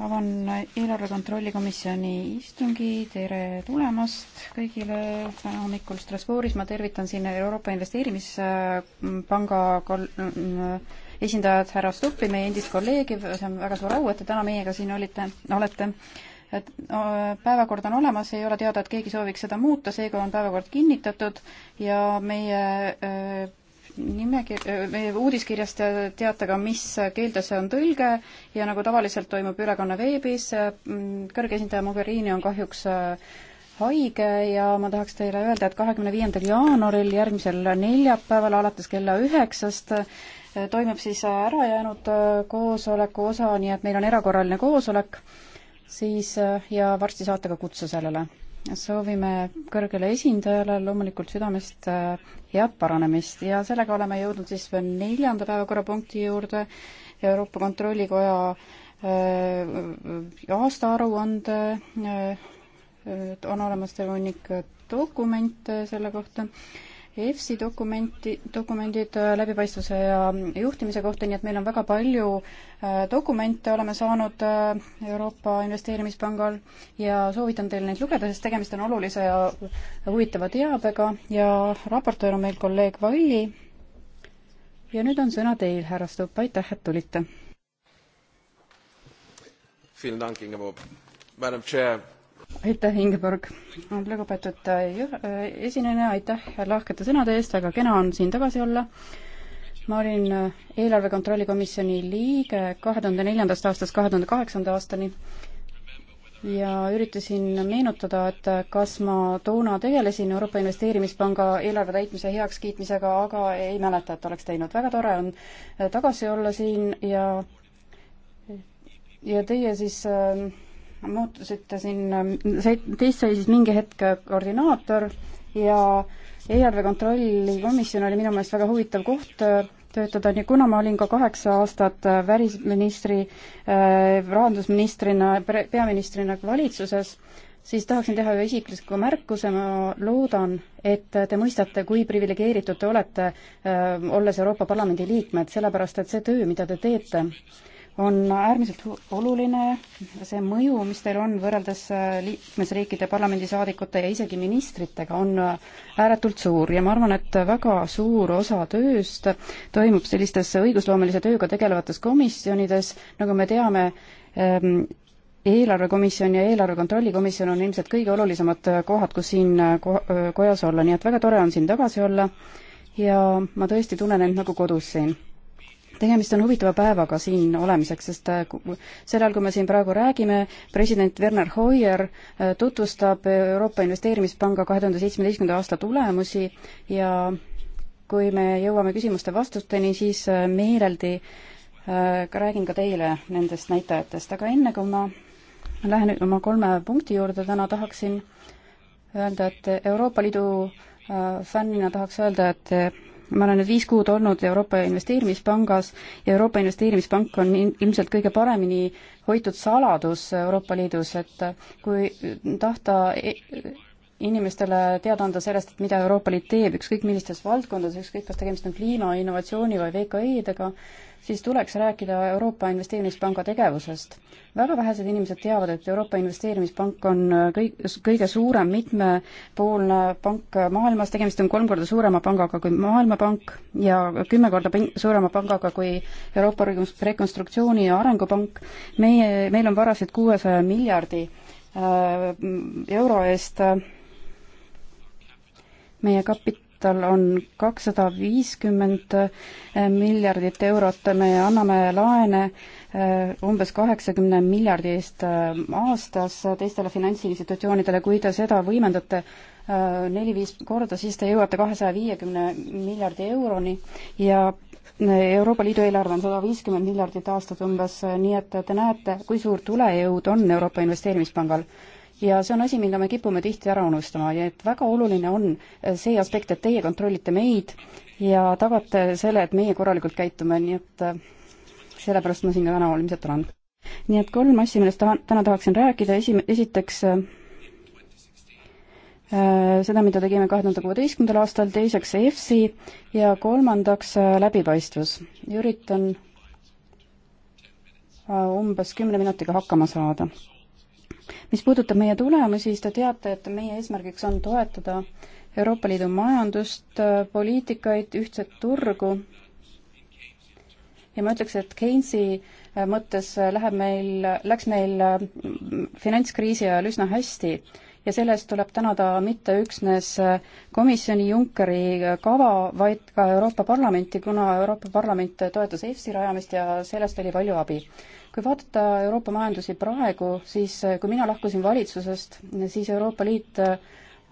avan eelarve kontrolli komisjoni istungi, tere tulemast kõigile täna hommikul Strasbourgis, ma tervitan siin Euroopa Investeerimispanga kol-, äh, esindajat härra Stuppi, meie endist kolleegi, see on väga suur au, et te täna meiega siin olite, olete et päevakord on olemas, ei ole teada, et keegi sooviks seda muuta, seega on päevakord kinnitatud ja meie äh, nimekir-, meie äh, uudiskirjast teate ka, mis keeltes on tõlge ja nagu tavaliselt toimub ülekanne veebis, äh, kõrge esindaja Mogherini on kahjuks äh, haige ja ma tahaks teile öelda, et kahekümne viiendal jaanuaril, järgmisel neljapäeval alates kella üheksast toimub siis ärajäänud koosoleku osa, nii et meil on erakorraline koosolek siis ja varsti saate ka kutse sellele soovime kõrgele esindajale loomulikult südamest äh, head paranemist ja sellega oleme jõudnud siis neljanda päevakorrapunkti juurde, Euroopa Kontrollikoja äh, aastaaruande äh, on olemas teil hunnik dokumente selle kohta EFSI dokumenti, dokumendid äh, läbipaistvuse ja juhtimise kohta, nii et meil on väga palju äh, dokumente oleme saanud äh, Euroopa Investeerimispangal ja soovitan teil neid lugeda, sest tegemist on olulise ja huvitava teabega ja raportöör on meil kolleeg Valli. ja nüüd on sõna teil, härra Stubb, aitäh, et tulite. Vielen Dank, Ingeborg. Madam Chair, aitäh, Ingeborg. lugupeetud äh, äh, esineja, aitäh lahkete sõnade eest, väga kena on siin tagasi olla. ma olin äh, eelarve kontrolli komisjoni liige kahe tuhande neljandast aastast kahe tuhande kaheksanda aastani ja üritasin meenutada, et kas ma toona tegelesin Euroopa Investeerimispanga eelarve täitmise heakskiitmisega, aga ei mäleta, et oleks teinud. väga tore on tagasi olla siin ja ja teie siis äh, muutusite siin, teist sai siis mingi hetk koordinaator ja eelarve kontrolli komisjon oli minu meelest väga huvitav koht töötada, nii kuna ma olin ka kaheksa aastat välisministri äh,, rahandusministrina, peaministrina valitsuses, siis tahaksin teha ühe isikliku märkuse, ma loodan, et te mõistate, kui priviligeeritud te olete äh,, olles Euroopa Parlamendi liikmed, sellepärast et see töö, mida te teete äh,, on äärmiselt oluline see mõju, mis teil on võrreldes äh, liikmesriikide parlamendisaadikute ja isegi ministritega, on äh, ääretult suur ja ma arvan, et väga suur osa tööst toimub sellistes õigusloomelise tööga tegelevates komisjonides, nagu me teame, ähm, eelarvekomisjon ja eelarve kontrolli komisjon on ilmselt kõige olulisemad äh, kohad, kus siin ko-, kojas olla, nii et väga tore on siin tagasi olla ja ma tõesti tunnen end nagu kodus siin tegemist on huvitava päevaga siin olemiseks, sest äh, sel ajal, kui me siin praegu räägime, president Werner Hoier äh, tutvustab Euroopa Investeerimispanga kahe tuhande seitsmeteistkümnenda aasta tulemusi ja kui me jõuame küsimuste-vastusteni, siis äh, meeleldi ka räägin ka teile nendest näitajatest, aga enne kui ma lähen oma kolme punkti juurde täna, tahaksin öelda, et Euroopa Liidu fännina tahaks öelda, et ma olen nüüd viis kuud olnud Euroopa Investeerimispangas ja Euroopa Investeerimispank on ilmselt kõige paremini hoitud saladus Euroopa Liidus, et kui tahta e-, inimestele teada anda sellest, et mida Euroopa Liit teeb, ükskõik millistes valdkondades, ükskõik kas tegemist on kliima, innovatsiooni või VKI-dega, siis tuleks rääkida Euroopa Investeerimispanga tegevusest. väga vähesed inimesed teavad, et Euroopa Investeerimispank on äh, kõik, kõige suurem mitmepoolne pank maailmas, tegemist on kolm korda suurema pangaga kui Maailmapank ja kümme korda pin-, suurema pangaga kui Euroopa Rekonstruktsiooni- ja Arengupank. meie, meil on varasid kuuesaja miljardi äh, euro eest äh, meie kapit-, kapital on kakssada viiskümmend eh, miljardit eurot, me anname laene eh, umbes kaheksakümne miljardi eest eh, aastas teistele finantsinstitutsioonidele, kui te seda võimendate neli-viis korda, siis te jõuate kahesaja viiekümne miljardi euroni ja Euroopa Liidu eelarve on sada viiskümmend miljardit aastat umbes, nii et te näete, kui suur tulejõud on Euroopa Investeerimispangal ja see on asi, mille me kipume tihti ära unustama ja et väga oluline on äh, see aspekt, et teie kontrollite meid ja tagate selle, et meie korralikult käitume, nii et äh, sellepärast ma siin ka täna ilmselt olen. nii et kolm asja, millest tahan, täna tahaksin rääkida, esi-, esiteks äh, seda, mida tegime kahe tuhande kuueteistkümnendal aastal, teiseks EFSI ja kolmandaks läbipaistvus. üritan umbes kümne minutiga hakkama saada mis puudutab meie tulemusi, siis te teate, et meie eesmärgiks on toetada Euroopa Liidu majandust, poliitikaid, ühtset turgu. ja ma ütleks, et Keynesi äh, mõttes äh, läheb meil, läks meil äh, finantskriisi ajal üsna hästi ja selle eest tuleb tänada mitte üksnes komisjoni Junckeri kava, vaid ka Euroopa Parlamenti, kuna Euroopa Parlament toetas EFSI rajamist ja sellest oli palju abi kui vaadata Euroopa majandusi praegu, siis eh, kui mina lahkusin valitsusest, siis Euroopa Liit eh,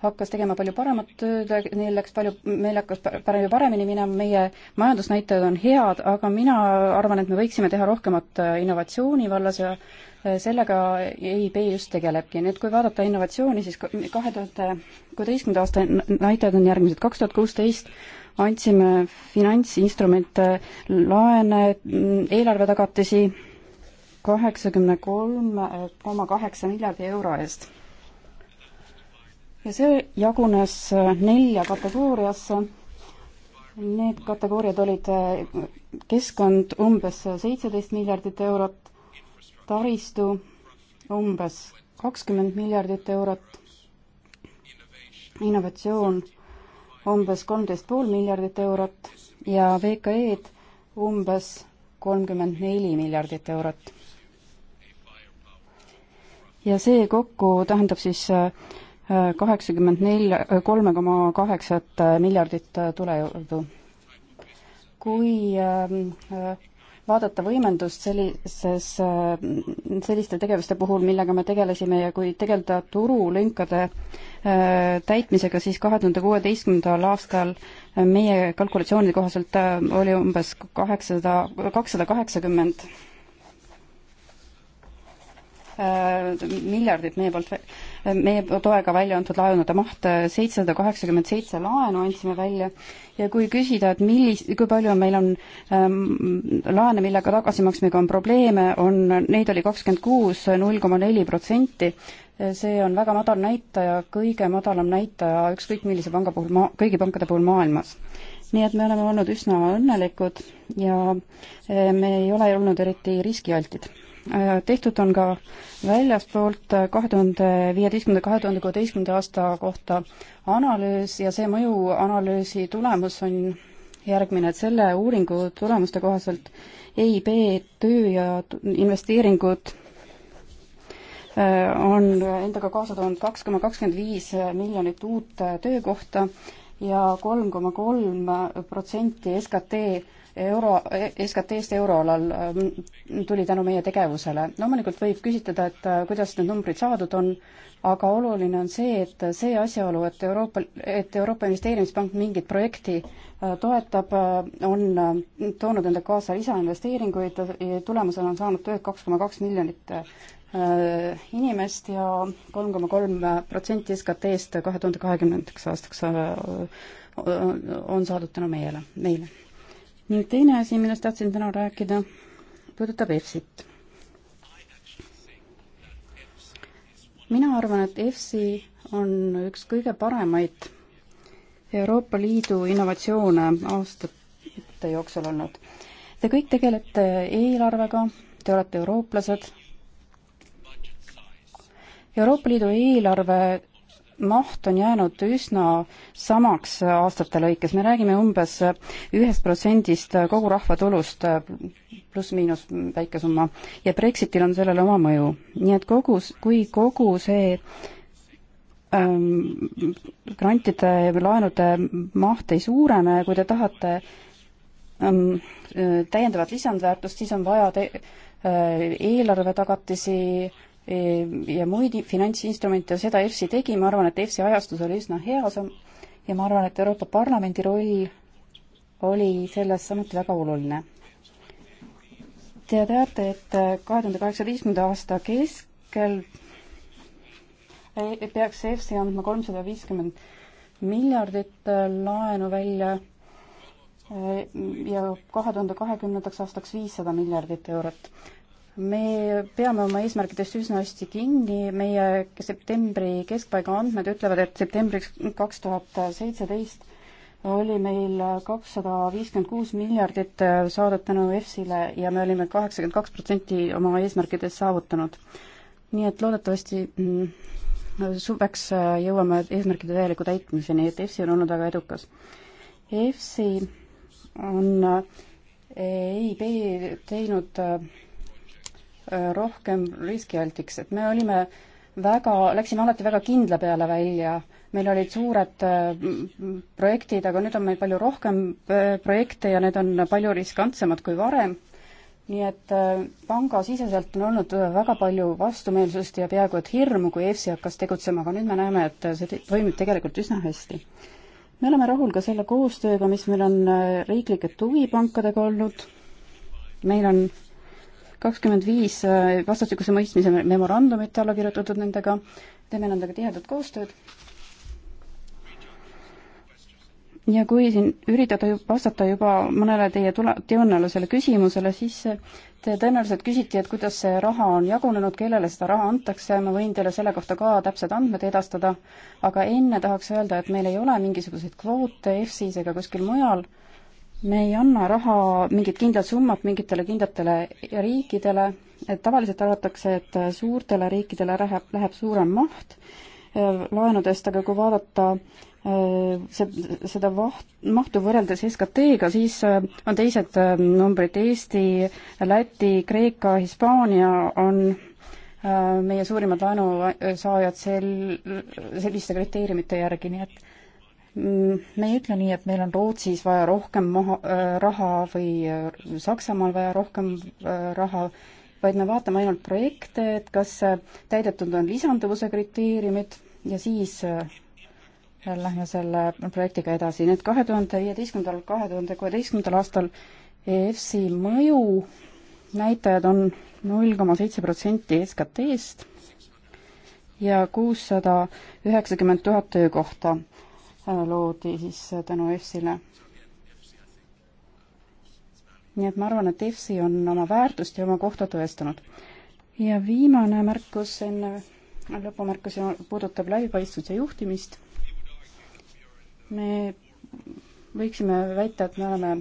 hakkas tegema palju paremat tööd, neil läks palju, meil hakkas palju paremini minema, meie majandusnäitajad on head, aga mina arvan, et me võiksime teha rohkemat eh, innovatsiooni vallas ja sellega EIB just tegelebki, nii et kui vaadata innovatsiooni, siis kahe tuhande kuueteistkümnenda aasta näitajad on järgmised, kaks tuhat kuusteist andsime finantsinstrumente, laene, mm, eelarvetagatisi kaheksakümne kolme koma kaheksa miljardi euro eest. ja see jagunes äh, nelja kategooriasse. Need kategooriad olid äh, keskkond umbes seitseteist miljardit eurot, taristu umbes kakskümmend miljardit eurot, innovatsioon umbes kolmteist pool miljardit eurot ja VKE-d umbes kolmkümmend neli miljardit eurot ja see kokku tähendab siis äh, äh, kaheksakümmend nelja, äh, kolme koma kaheksat miljardit tulejõudu. kui ähm, vaadata võimendust sellises, selliste tegevuste puhul, millega me tegelesime ja kui tegeleda turulünkade täitmisega, siis kahe tuhande kuueteistkümnendal aastal meie kalkulatsioonide kohaselt oli umbes kaheksasada, kakssada kaheksakümmend Äh, miljardit meie poolt, äh, meie toega välja antud laenude maht, äh, seitsesada kaheksakümmend seitse laenu andsime välja ja kui küsida, et millis-, kui palju meil on ähm, laene, millega tagasimaksmisega on probleeme, on, neid oli kakskümmend kuus, null koma neli protsenti, see on väga madal näitaja, kõige madalam näitaja ükskõik millise panga puhul ma-, kõigi pankade puhul maailmas nii et me oleme olnud üsna õnnelikud ja me ei ole olnud eriti riskialtid Äh, tehtud on ka väljaspoolt äh, kahe tuhande viieteistkümnenda, kahe tuhande kuueteistkümnenda aasta kohta analüüs ja see mõjuanalüüsi tulemus on järgmine, et selle uuringu tulemuste kohaselt EIB töö ja investeeringud äh, on endaga kaasa toonud kaks koma kakskümmend viis miljonit uut töökohta ja kolm koma kolm protsenti SKT euro, SKT-st euroalal mm, tuli tänu meie tegevusele. loomulikult võib küsitleda, et äh, kuidas need numbrid saadud on, aga oluline on see, et see asjaolu, et Euroopa, et Euroopa Investeerimispank mingit projekti äh, toetab, äh, on toonud endaga kaasa lisainvesteeringuid, tulemusena on saanud tööd kaks koma kaks miljonit inimest ja kolm koma kolm protsenti SKT-st kahe tuhande kahekümnendaks aastaks on saadud tänu meiele, meile ning teine asi, millest tahtsin täna rääkida, puudutab EFSit. mina arvan, et EFSi on üks kõige paremaid Euroopa Liidu innovatsioone aastate jooksul olnud. Te kõik tegelete eelarvega, te olete eurooplased. Euroopa Liidu eelarve maht on jäänud üsna samaks aastate lõikes, me räägime umbes ühest protsendist kogu rahvatulust, pluss-miinus väike summa, ja Brexitil on sellele oma mõju. nii et kogu, kui kogu see ähm, grantide või laenude maht ei suurene, kui te tahate ähm, täiendavat lisandväärtust, siis on vaja te-, äh, eelarvetagatisi äh,, Ehm, ja muid finantsinstrumente, seda EFSI tegi, ma arvan, et EFSI ajastus oli üsna hea ja ma arvan, et Euroopa Parlamendi roll oli selles samuti väga oluline. Te teate, et äh, kahe tuhande kaheksateistkümnenda aasta keskel e, e, peaks EFSI andma kolmsada viiskümmend miljardit äh, laenu välja e, ja kahe tuhande kahekümnendaks aastaks viissada miljardit eurot me peame oma eesmärkidest üsna hästi kinni, meie septembri keskpaiga andmed ütlevad, et septembriks kaks tuhat seitseteist oli meil kakssada viiskümmend kuus miljardit saadud tänu EFSile ja me olime kaheksakümmend kaks protsenti oma eesmärkidest saavutanud. nii et loodetavasti mm, suveks äh, jõuame eesmärkide täieliku täitmiseni, et EFSI on olnud väga edukas. EFSI on äh, EIB teinud äh, rohkem riskialtiks, et me olime väga, läksime alati väga kindla peale välja, meil olid suured äh, projektid, aga nüüd on meil palju rohkem äh, projekte ja need on palju riskantsemad kui varem, nii et äh, pangasiseselt on olnud väga palju vastumeelsust ja peaaegu et hirmu, kui EFSI hakkas tegutsema, aga nüüd me näeme, et see toimib tegelikult üsna hästi. me oleme rahul ka selle koostööga, mis meil on riiklike tugipankadega olnud, meil on kakskümmend viis äh, vastastikuse mõistmise memorandumit alla kirjutatud nendega, teeme nendega tihedat koostööd. ja kui siin üritada vastata juba mõnele teie tule-, teonelisele küsimusele, siis äh, te tõenäoliselt küsiti, et kuidas see raha on jagunenud, kellele seda raha antakse, ma võin teile selle kohta ka täpsed andmed edastada, aga enne tahaks öelda, et meil ei ole mingisuguseid kvoote EFSis ega kuskil mujal äh, me ei anna raha mingit kindlat summat mingitele kindlatele riikidele, et tavaliselt arvatakse, et suurtele riikidele läheb, läheb suurem maht äh, laenudest, aga kui vaadata äh, see, seda vaht, mahtu võrreldes SKT-ga, siis äh, on teised numbrid, Eesti, Läti, Kreeka, Hispaania on meie suurimad laenusaajad sel, selliste kriteeriumite järgi, nii et Mm, me ei ütle nii, et meil on Rootsis vaja rohkem maha äh,, raha või äh, Saksamaal vaja rohkem äh, raha, vaid me vaatame ainult projekte, et kas äh, täidetud on lisanduvuse kriteeriumid ja siis äh, lähme selle projektiga edasi. nii et kahe tuhande viieteistkümnendal, kahe tuhande kuueteistkümnendal aastal EFSi mõju näitajad on null koma seitse protsenti SKT-st ja kuussada üheksakümmend tuhat töökohta Äh, loodi siis äh, tänu EFSile. nii et ma arvan, et EFSi on oma väärtust ja oma kohta tõestanud. ja viimane märkus enne lõpumärkusi puudutab läbipaistvuse juhtimist. me võiksime väita, et me oleme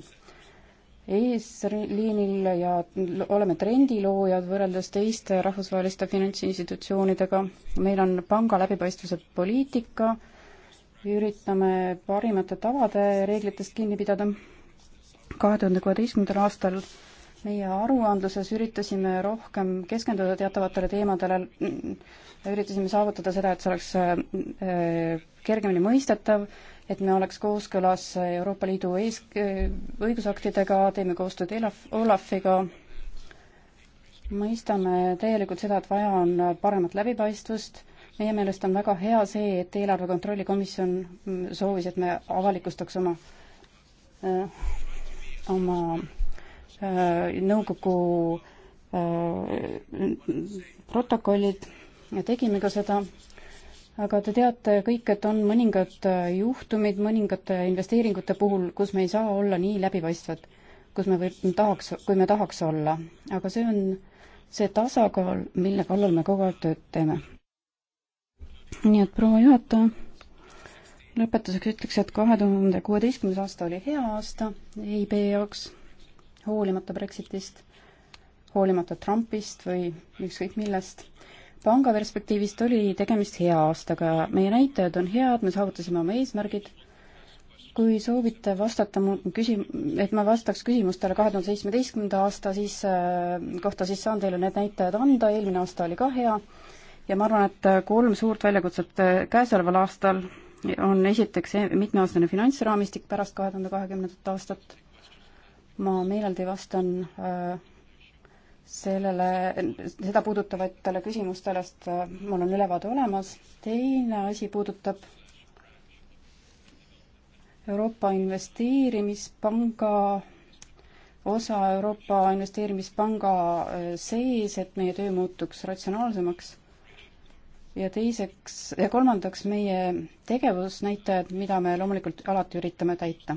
eesliinil ja oleme trendiloojad võrreldes teiste rahvusvaheliste finantsinstitutsioonidega. meil on panga läbipaistvuse poliitika üritame parimate tavade reeglitest kinni pidada. kahe tuhande kuueteistkümnendal aastal meie aruandluses üritasime rohkem keskenduda teatavatele teemadele, üritasime saavutada seda, et see oleks äh, kergemini mõistetav, et me oleks kooskõlas Euroopa Liidu ees, õigusaktidega, teeme koostööd Elaf, Olafiga, mõistame täielikult seda, et vaja on paremat läbipaistvust meie meelest on väga hea see, et eelarve kontrolli komisjon mm, soovis, et me avalikustaks oma, äh, oma äh, nõukogu äh, protokollid ja tegime ka seda, aga te teate kõik, et on mõningad juhtumid mõningate investeeringute puhul, kus me ei saa olla nii läbipaistvad, kus me võib, tahaks, kui me tahaks olla, aga see on see tasakaal, mille kallal me kogu aeg tööd teeme nii et proua juhataja, lõpetuseks ütleks, et kahe tuhande kuueteistkümnes aasta oli hea aasta EIB jaoks, hoolimata Brexitist, hoolimata Trumpist või ükskõik millest. panga perspektiivist oli tegemist hea aastaga, meie näitajad on head, me saavutasime oma eesmärgid, kui soovite vastata mu küsim-, et ma vastaks küsimustele kahe tuhande seitsmeteistkümnenda aasta siis, kohta, siis saan teile need näitajad anda, eelmine aasta oli ka hea ja ma arvan, et kolm suurt väljakutset eh, käesoleval aastal on esiteks mitmeaastane finantsraamistik pärast kahe tuhande kahekümnendat aastat. ma meeleldi vastan eh, sellele, seda puudutavatele küsimustele, sest eh, mul on ülevaade olemas. teine asi puudutab Euroopa Investeerimispanga osa Euroopa Investeerimispanga sees, et meie töö muutuks ratsionaalsemaks ja teiseks ja kolmandaks meie tegevusnäitajad, mida me loomulikult alati üritame täita.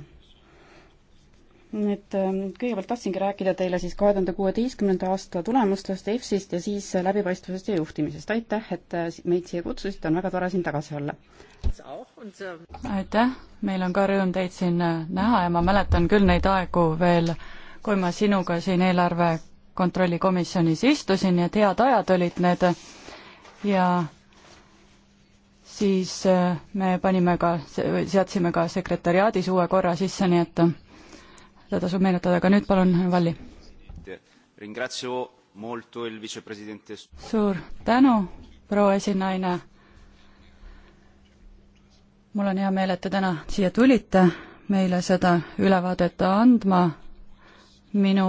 et ähm, kõigepealt tahtsingi rääkida teile siis kahe tuhande kuueteistkümnenda aasta tulemustest EFSist ja siis läbipaistvusest ja juhtimisest. aitäh, et äh, meid siia kutsusite, on väga tore siin tagasi olla. aitäh, meil on ka rõõm teid siin äh, näha ja ma mäletan küll neid aegu veel, kui ma sinuga siin eelarve kontrollikomisjonis istusin, nii et head ajad olid need ja siis äh, me panime ka, seadsime ka sekretäriaadis uue korra sisse, nii et äh, seda tasub meenutada, aga nüüd palun, Valli. suur tänu, proua esinaine. mul on hea meel, et te täna siia tulite meile seda ülevaadet andma. minu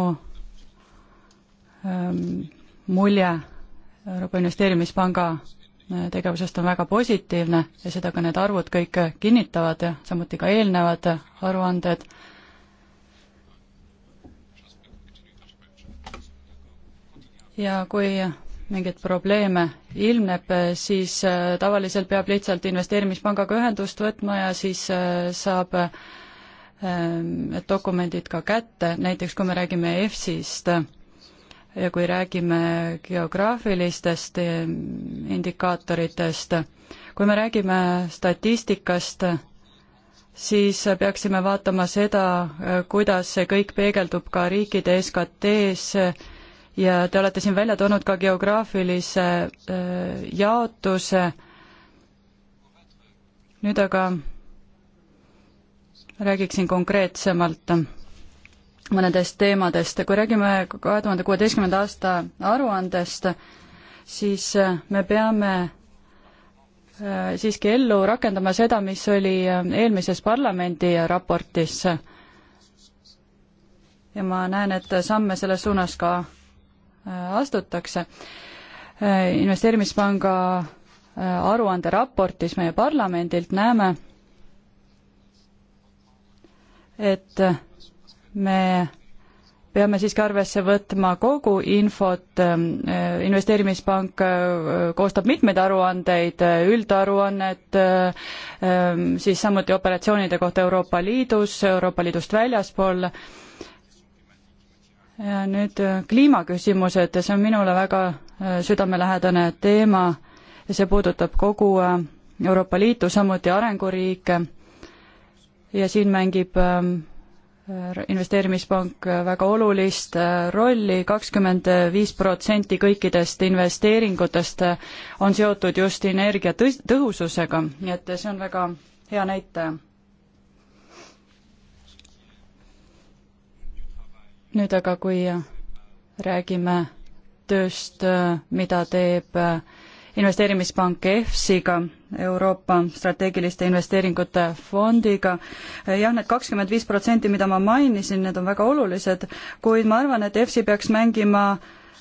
ähm, mulje Euroopa Investeerimispanga tegevusest on väga positiivne ja seda ka need arvud kõik kinnitavad ja samuti ka eelnevad aruanded. ja kui mingeid probleeme ilmneb, siis äh, tavaliselt peab lihtsalt investeerimispangaga ühendust võtma ja siis äh, saab ähm, dokumendid ka kätte, näiteks kui me räägime EFSist ja kui räägime geograafilistest indikaatoritest, kui me räägime statistikast, siis peaksime vaatama seda, kuidas see kõik peegeldub ka riikide SKT-s ja te olete siin välja toonud ka geograafilise äh, jaotuse. nüüd aga räägiksin konkreetsemalt mõnedest teemadest. kui räägime kahe tuhande kuueteistkümnenda aasta aruandest, siis äh, me peame äh, siiski ellu rakendama seda, mis oli äh, eelmises parlamendi raportis. ja ma näen, et samme selles suunas ka astutakse. investeerimispanga aruanderaportis meie parlamendilt näeme, et me peame siiski arvesse võtma kogu infot, ähm, äh, investeerimispank äh, koostab mitmeid aruandeid, äh, üldaruannet, ähm, siis samuti operatsioonide kohta Euroopa Liidus, Euroopa Liidust väljaspool, ja nüüd kliimaküsimused, see on minule väga südamelähedane teema ja see puudutab kogu Euroopa Liitu, samuti arenguriike ja siin mängib ähm, Äh, investeerimispank äh, väga olulist äh, rolli, kakskümmend viis protsenti kõikidest investeeringutest on seotud just energia tõ-, tõhususega, nii et see on väga hea näitaja. nüüd aga, kui räägime tööst, mida teeb investeerimispank EFSiga Euroopa strateegiliste investeeringute fondiga. jah, need kakskümmend viis protsenti, mida ma mainisin, need on väga olulised, kuid ma arvan, et EFSI peaks mängima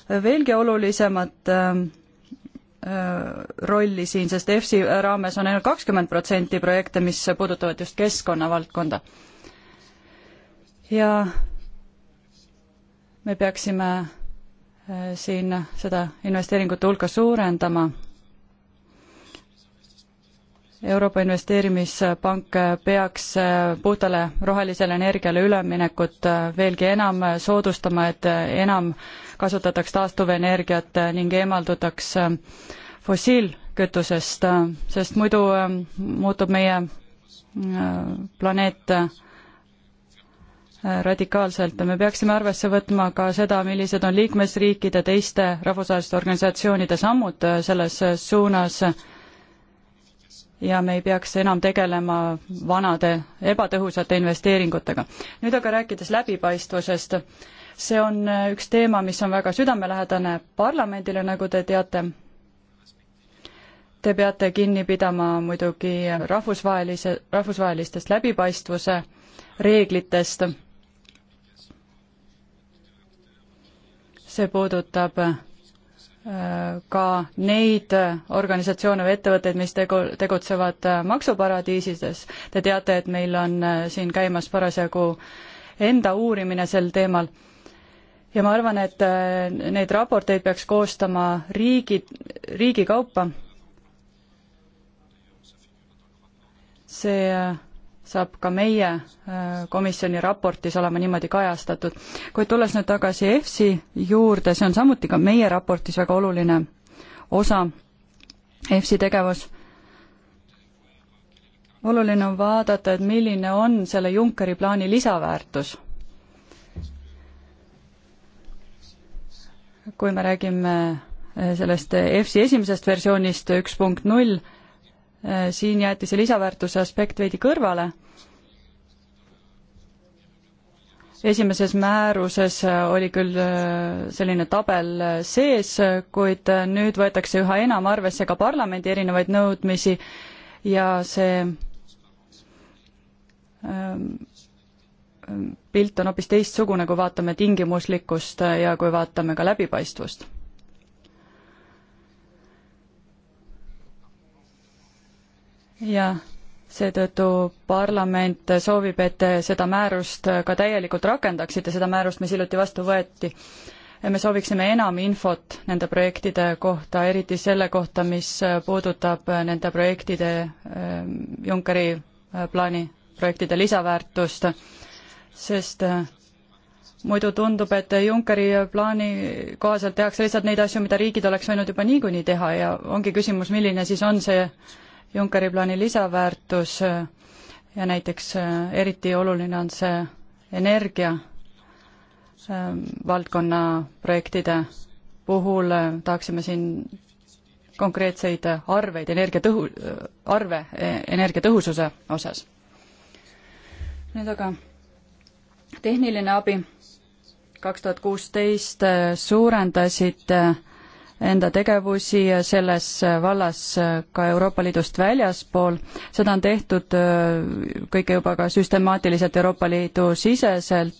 veelgi olulisemat ähm, äh, rolli siin, sest EFSI raames on ainult kakskümmend protsenti projekte, mis puudutavad just keskkonnavaldkonda. ja me peaksime äh, siin seda investeeringute hulka suurendama Euroopa Investeerimispank peaks puhtale rohelisele energiale üleminekut veelgi enam soodustama, et enam kasutataks taastuvenergiat ning eemaldutaks fossiilkütusest, sest muidu ähm, muutub meie äh, planeet äh, radikaalselt ja me peaksime arvesse võtma ka seda, millised on liikmesriikide teiste rahvusvaheliste organisatsioonide sammud selles suunas ja me ei peaks enam tegelema vanade ebatõhusate investeeringutega. nüüd aga rääkides läbipaistvusest, see on üks teema, mis on väga südamelähedane parlamendile, nagu te teate. Te peate kinni pidama muidugi rahvusvahelise, rahvusvahelistest läbipaistvuse reeglitest. see puudutab ka neid organisatsioone või ettevõtteid, mis tegu, tegutsevad äh, maksuparadiisides. Te teate, et meil on äh, siin käimas parasjagu enda uurimine sel teemal. ja ma arvan, et äh, neid raporteid peaks koostama riigi, riigi kaupa. see saab ka meie äh, komisjoni raportis olema niimoodi kajastatud. kuid tulles nüüd tagasi EFSI juurde, see on samuti ka meie raportis väga oluline osa, EFSI tegevus. oluline on vaadata, et milline on selle Junckeri plaani lisaväärtus. kui me räägime äh, sellest EFSI esimesest versioonist üks punkt null, Äh, siin jäeti see lisaväärtuse aspekt veidi kõrvale. esimeses määruses äh, oli küll äh, selline tabel sees, kuid nüüd võetakse üha enam arvesse ka parlamendi erinevaid nõudmisi ja see ähm, ähm, pilt on hoopis teistsugune, kui vaatame tingimuslikkust ja kui vaatame ka läbipaistvust ja seetõttu parlament soovib, et te seda määrust ka täielikult rakendaksite, seda määrust, mis hiljuti vastu võeti. me sooviksime enam infot nende projektide kohta, eriti selle kohta, mis puudutab nende projektide, ähm, Junckeri äh, plaani projektide lisaväärtust, sest äh, muidu tundub, et Junckeri plaani kohaselt tehakse lihtsalt neid asju, mida riigid oleks võinud juba niikuinii teha ja ongi küsimus, milline siis on see Junckeri plaani lisaväärtus äh, ja näiteks äh, eriti oluline on see energia ähm, valdkonna projektide puhul, äh, tahaksime siin konkreetseid arveid energiatõhu, arve e, energiatõhususe osas. nüüd aga tehniline abi. kaks tuhat kuusteist suurendasite enda tegevusi selles vallas ka Euroopa Liidust väljaspool. seda on tehtud äh, kõike juba ka süstemaatiliselt Euroopa Liidu siseselt.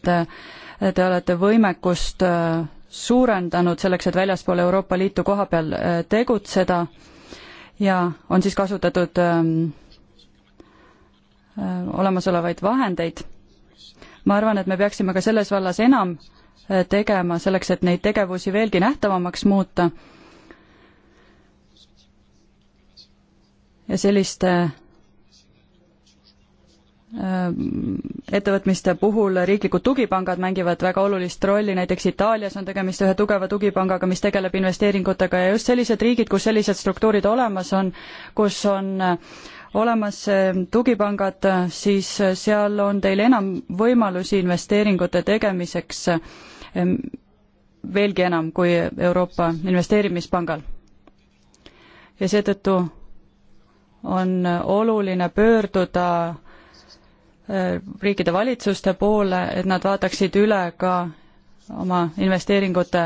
Te olete võimekust äh, suurendanud selleks, et väljaspool Euroopa Liitu koha peal äh, tegutseda ja on siis kasutatud olemasolevaid vahendeid. ma arvan, et me peaksime ka selles vallas enam öö, tegema selleks, et neid tegevusi veelgi nähtavamaks muuta. ja selliste äh, ettevõtmiste puhul riiklikud tugipangad mängivad väga olulist rolli, näiteks Itaalias on tegemist ühe tugeva tugipangaga, mis tegeleb investeeringutega ja just sellised riigid, kus sellised struktuurid olemas on, kus on äh, olemas eh, tugipangad, eh, siis eh, seal on teil enam võimalusi investeeringute tegemiseks, veelgi enam kui Euroopa Investeerimispangal. ja seetõttu on oluline pöörduda riikide valitsuste poole, et nad vaataksid üle ka oma investeeringute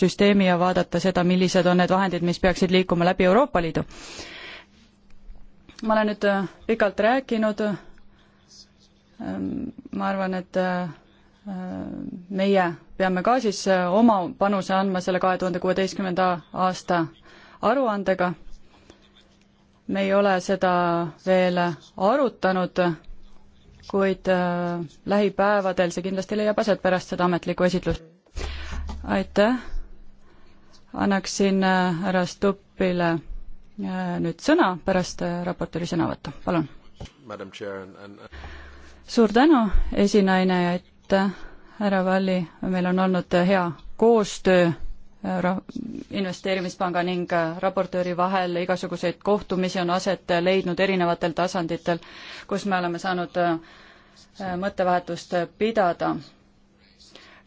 süsteemi ja vaadata seda, millised on need vahendid, mis peaksid liikuma läbi Euroopa Liidu ma olen nüüd äh, pikalt rääkinud. Ähm, ma arvan, et äh, äh, meie peame ka siis oma panuse andma selle kahe tuhande kuueteistkümnenda aasta aruandega. me ei ole seda veel arutanud, kuid lähipäevadel see kindlasti leiab aset pärast seda ametlikku esitlust. aitäh, annaksin härra Stuppile Äh, nüüd sõna pärast äh, raportööri sõnavõttu, palun. Uh, suur tänu, esinaine, et äh, härra Valli, meil on olnud hea koostöö ra-, investeerimispanga ning raportööri vahel igasuguseid kohtumisi on aset leidnud erinevatel tasanditel, kus me oleme saanud mõttevahetust pidada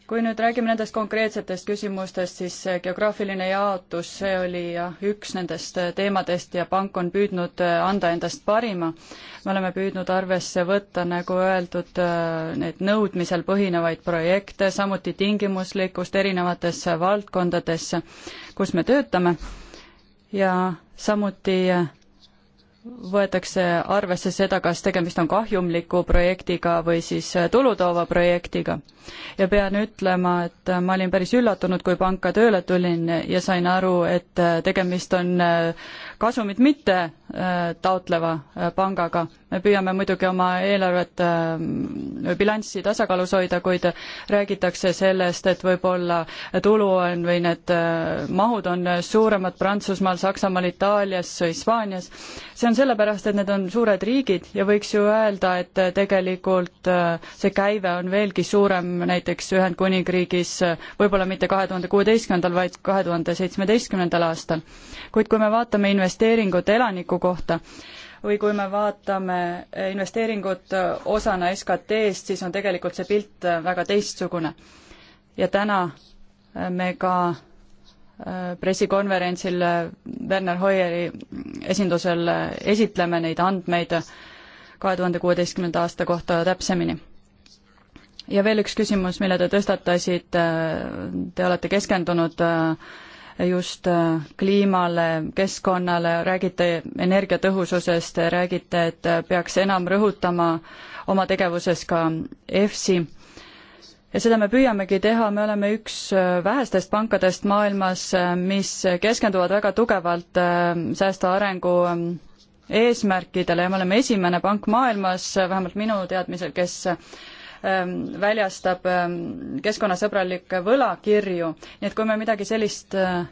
kui nüüd räägime nendest konkreetsetest küsimustest, siis geograafiline jaotus, see oli üks nendest äh, teemadest ja pank on püüdnud äh, anda endast parima. me oleme püüdnud arvesse võtta, nagu öeldud, äh, neid nõudmisel põhinevaid projekte, samuti tingimuslikkust erinevates valdkondades, kus me töötame ja samuti võetakse arvesse seda, kas tegemist on kahjumliku projektiga või siis tulutoova projektiga. ja pean ütlema, et ma olin päris üllatunud, kui panka tööle tulin ja sain aru, et tegemist on kasumit mitte Äh, taotleva äh, pangaga. me püüame muidugi oma eelarvet, äh, bilanssi tasakaalus hoida, kuid räägitakse sellest, et võib-olla tulu on või need mahud on suuremad Prantsusmaal, Saksamaal, Itaalias, Hispaanias. see on sellepärast, et need on suured riigid ja võiks ju öelda, et tegelikult see käive on veelgi suurem näiteks Ühendkuningriigis võib-olla mitte kahe tuhande kuueteistkümnendal, vaid kahe tuhande seitsmeteistkümnendal aastal. kuid kui me vaatame investeeringut elaniku tuleviku kohta. või kui me vaatame investeeringut osana SKT-st, siis on tegelikult see pilt väga teistsugune. ja täna me ka äh, pressikonverentsil äh, Werner Hoieri esindusel äh, esitleme neid andmeid kahe tuhande kuueteistkümnenda aasta kohta täpsemini. ja veel üks küsimus, mille te tõstatasite, te olete keskendunud äh, just äh, kliimale, keskkonnale, räägite energiatõhususest, räägite, et äh, peaks enam rõhutama oma tegevuses ka EFSI ja seda me püüamegi teha, me oleme üks äh, vähestest pankadest maailmas, mis keskenduvad väga tugevalt säästva arengu ähm, eesmärkidele ja me oleme esimene pank maailmas, vähemalt minu teadmisel, kes Ähm, väljastab ähm, keskkonnasõbralikke võlakirju, nii et kui me midagi sellist äh,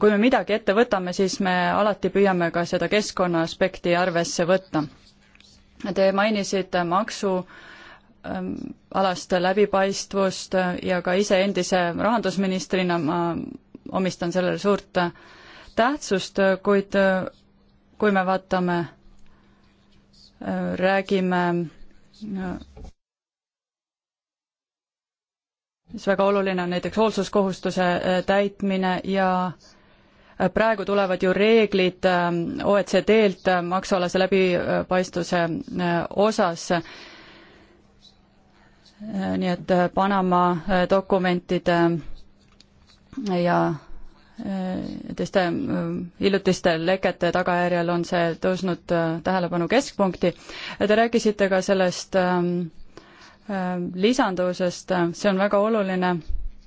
kui me midagi ette võtame, siis me alati püüame ka seda keskkonna aspekti arvesse võtta. Te mainisite maksu ähm, alast läbipaistvust ja ka ise endise rahandusministrina ma omistan sellele suurt tähtsust, kuid äh, kui me vaatame, äh, räägime mis väga oluline on näiteks hoolsuskohustuse äh, täitmine ja äh, praegu tulevad ju reeglid ähm, OECD-lt äh, maksualase läbipaistvuse osas, nii et Panama dokumentide ja teiste hiljutiste lekete tagajärjel on see tõusnud tähelepanu keskpunkti. Te rääkisite ka sellest ähm, lisanduvusest, see on väga oluline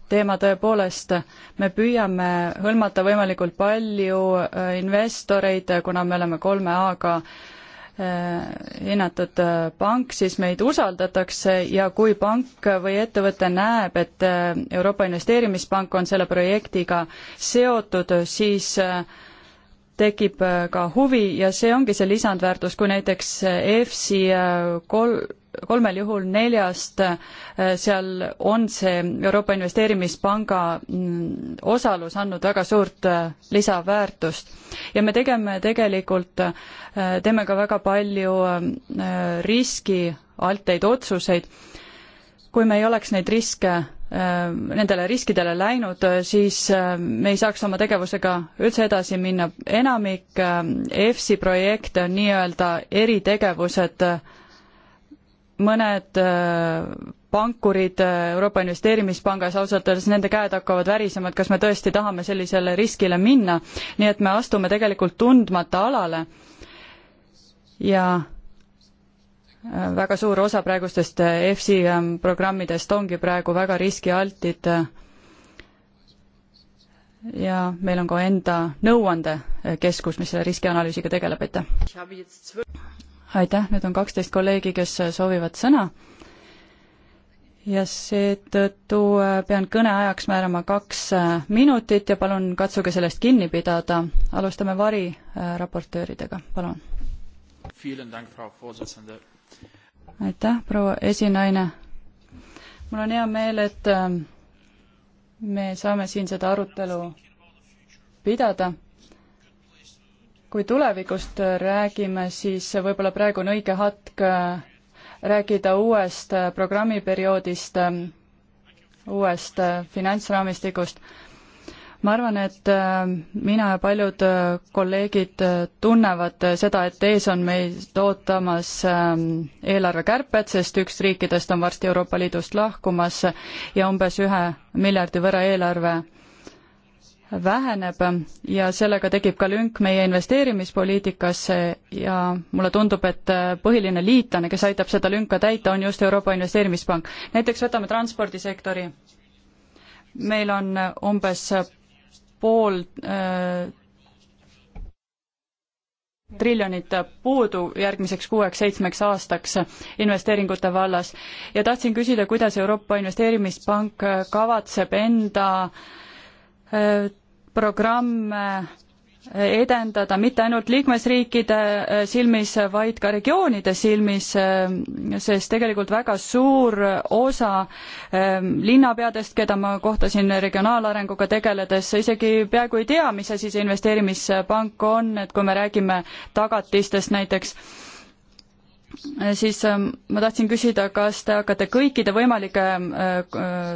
teema tõepoolest, me püüame hõlmata võimalikult palju äh, investoreid, äh, kuna me oleme kolme A-ga äh, hinnatud pank, siis meid usaldatakse ja kui pank või ettevõte näeb, et Euroopa Investeerimispank on selle projektiga seotud, siis tekib ka huvi ja see ongi see lisandväärtus, kui näiteks EFSI kol-, kolmel juhul neljast äh, seal on see Euroopa Investeerimispanga mm, osalus andnud väga suurt äh, lisaväärtust. ja me tegeme tegelikult, äh, teeme ka väga palju riskialteid otsuseid. kui me ei oleks neid riske nendele riskidele läinud, siis me ei saaks oma tegevusega üldse edasi minna. enamik EFSI projekte on nii-öelda eritegevused mõned äh, pankurid äh, Euroopa Investeerimispangas ausalt öeldes, nende käed hakkavad värisema, et kas me tõesti tahame sellisele riskile minna, nii et me astume tegelikult tundmata alale ja äh, väga suur osa praegustest EFSI ähm, programmidest ongi praegu väga riskialtid ja meil on ka enda nõuandekeskus, mis selle riskianalüüsiga tegeleb, aitäh aitäh, nüüd on kaksteist kolleegi, kes äh, soovivad sõna ja seetõttu äh, pean kõneajaks määrama kaks äh, minutit ja palun katsuge sellest kinni pidada. alustame variraportööridega, palun. aitäh, proua esinaine. mul on hea meel, et me saame siin seda arutelu pidada kui tulevikust räägime, siis võib-olla praegu on õige hetk äh, rääkida uuest äh, programmiperioodist, äh, uuest finantsraamistikust. ma arvan, et mina ja paljud kolleegid tunnevad seda, et ees on meid ootamas eelarvekärped, sest üks riikidest on varsti Euroopa Liidust lahkumas ja umbes ühe miljardi võrra eelarve väheneb ja sellega tekib ka lünk meie investeerimispoliitikasse ja mulle tundub, et põhiline liitlane, kes aitab seda lünka täita, on just Euroopa Investeerimispank. näiteks võtame transpordisektori. meil on umbes pool äh, triljonit puudu järgmiseks kuueks-seitsmeks aastaks investeeringute vallas ja tahtsin küsida, kuidas Euroopa Investeerimispank kavatseb enda äh, Äh, programme äh, edendada mitte ainult liikmesriikide äh, silmis, vaid ka regioonide silmis, sest tegelikult väga suur osa linnapeadest, keda ma kohtasin regionaalarenguga tegeledes, isegi peaaegu ei tea, mis asi see investeerimispank on, et kui me räägime tagatistest näiteks, siis ma tahtsin küsida, kas te hakkate kõikide võimalike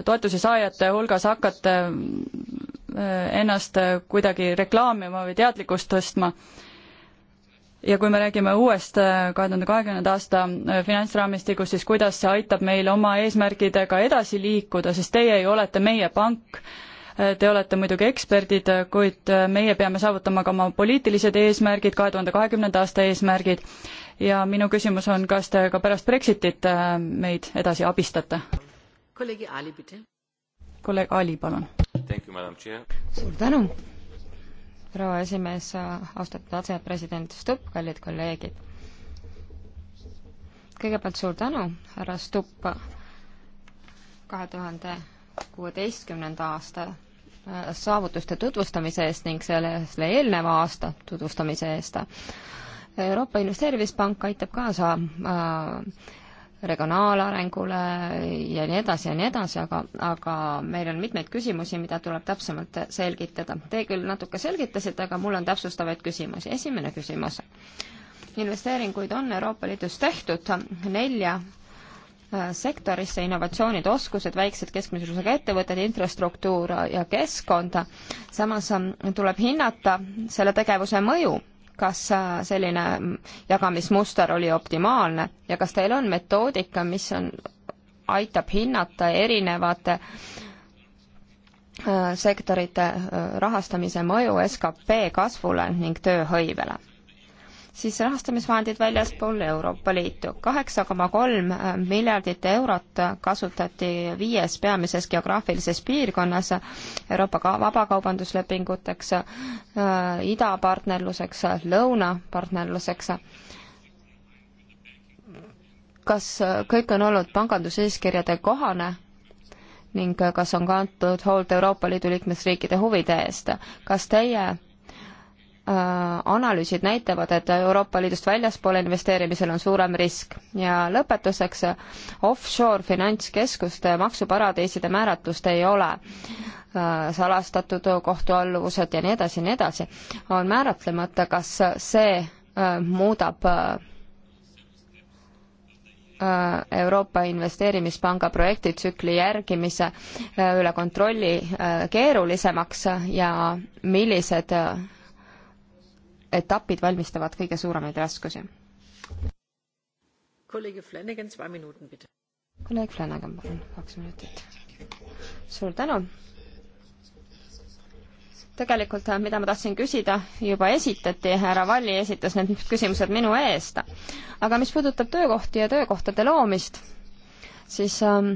toetuse saajate hulgas hakkate Äh, ennast kuidagi reklaamima või teadlikkust tõstma. ja kui me räägime uuest äh, kahe tuhande kahekümnenda aasta äh, finantsraamistikust, siis kuidas see aitab meil oma eesmärgidega edasi liikuda, sest teie ju olete meie pank, Te olete muidugi eksperdid, kuid meie peame saavutama ka oma poliitilised eesmärgid, kahe tuhande kahekümnenda aasta eesmärgid ja minu küsimus on, kas te ka pärast Brexitit meid edasi abistate? kolleeg Ali, palun suur tänu, proua esimees, austatud asepresident Stubb, kallid kolleegid. kõigepealt suur tänu, härra Stubb, kahe tuhande kuueteistkümnenda aasta äh, saavutuste tutvustamise eest ning sellele eelneva aasta tutvustamise eest. Euroopa Investeerimispank aitab kaasa äh, regionaalarengule ja nii edasi ja nii edasi, aga, aga meil on mitmeid küsimusi, mida tuleb täpsemalt selgitada. Te küll natuke selgitasite, aga mul on täpsustavaid küsimusi. esimene küsimus. investeeringuid on Euroopa Liidus tehtud nelja äh, sektorisse, innovatsioonid, oskused, väiksed keskmise suurusega ettevõtted, infrastruktuur ja keskkond. samas ähm, tuleb hinnata selle tegevuse mõju kas äh, selline mm, jagamismuster oli optimaalne ja kas teil on metoodika, mis on, aitab hinnata erinevate äh, sektorite äh, rahastamise mõju SKP kasvule ning tööhõivele? siis rahastamisvahendid väljaspool Euroopa Liitu. kaheksa koma kolm äh, miljardit eurot kasutati viies peamises geograafilises piirkonnas Euroopa vabakaubanduslepinguteks, äh, idapartnerluseks, lõunapartnerluseks kas kõik on olnud panganduseeskirjade kohane ning kas on kantud hoolt Euroopa Liidu liikmesriikide huvide eest. kas teie Äh, analüüsid näitavad, et Euroopa Liidust väljaspoole investeerimisel on suurem risk. ja lõpetuseks, offshore finantskeskuste maksuparadiiside määratlust ei ole äh, salastatud kohtualluvused ja nii edasi ja nii edasi, on määratlemata, kas see äh, muudab Euroopa Investeerimispanga projektitsükli järgimise üle kontrolli keerulisemaks ja millised etapid valmistavad kõige suuremaid raskusi. kolleeg Flanagan, palun, kaks minutit. suur tänu tegelikult, äh, mida ma tahtsin küsida, juba esitati, härra Valli esitas need küsimused minu eest. aga mis puudutab töökohti ja töökohtade loomist, siis ähm,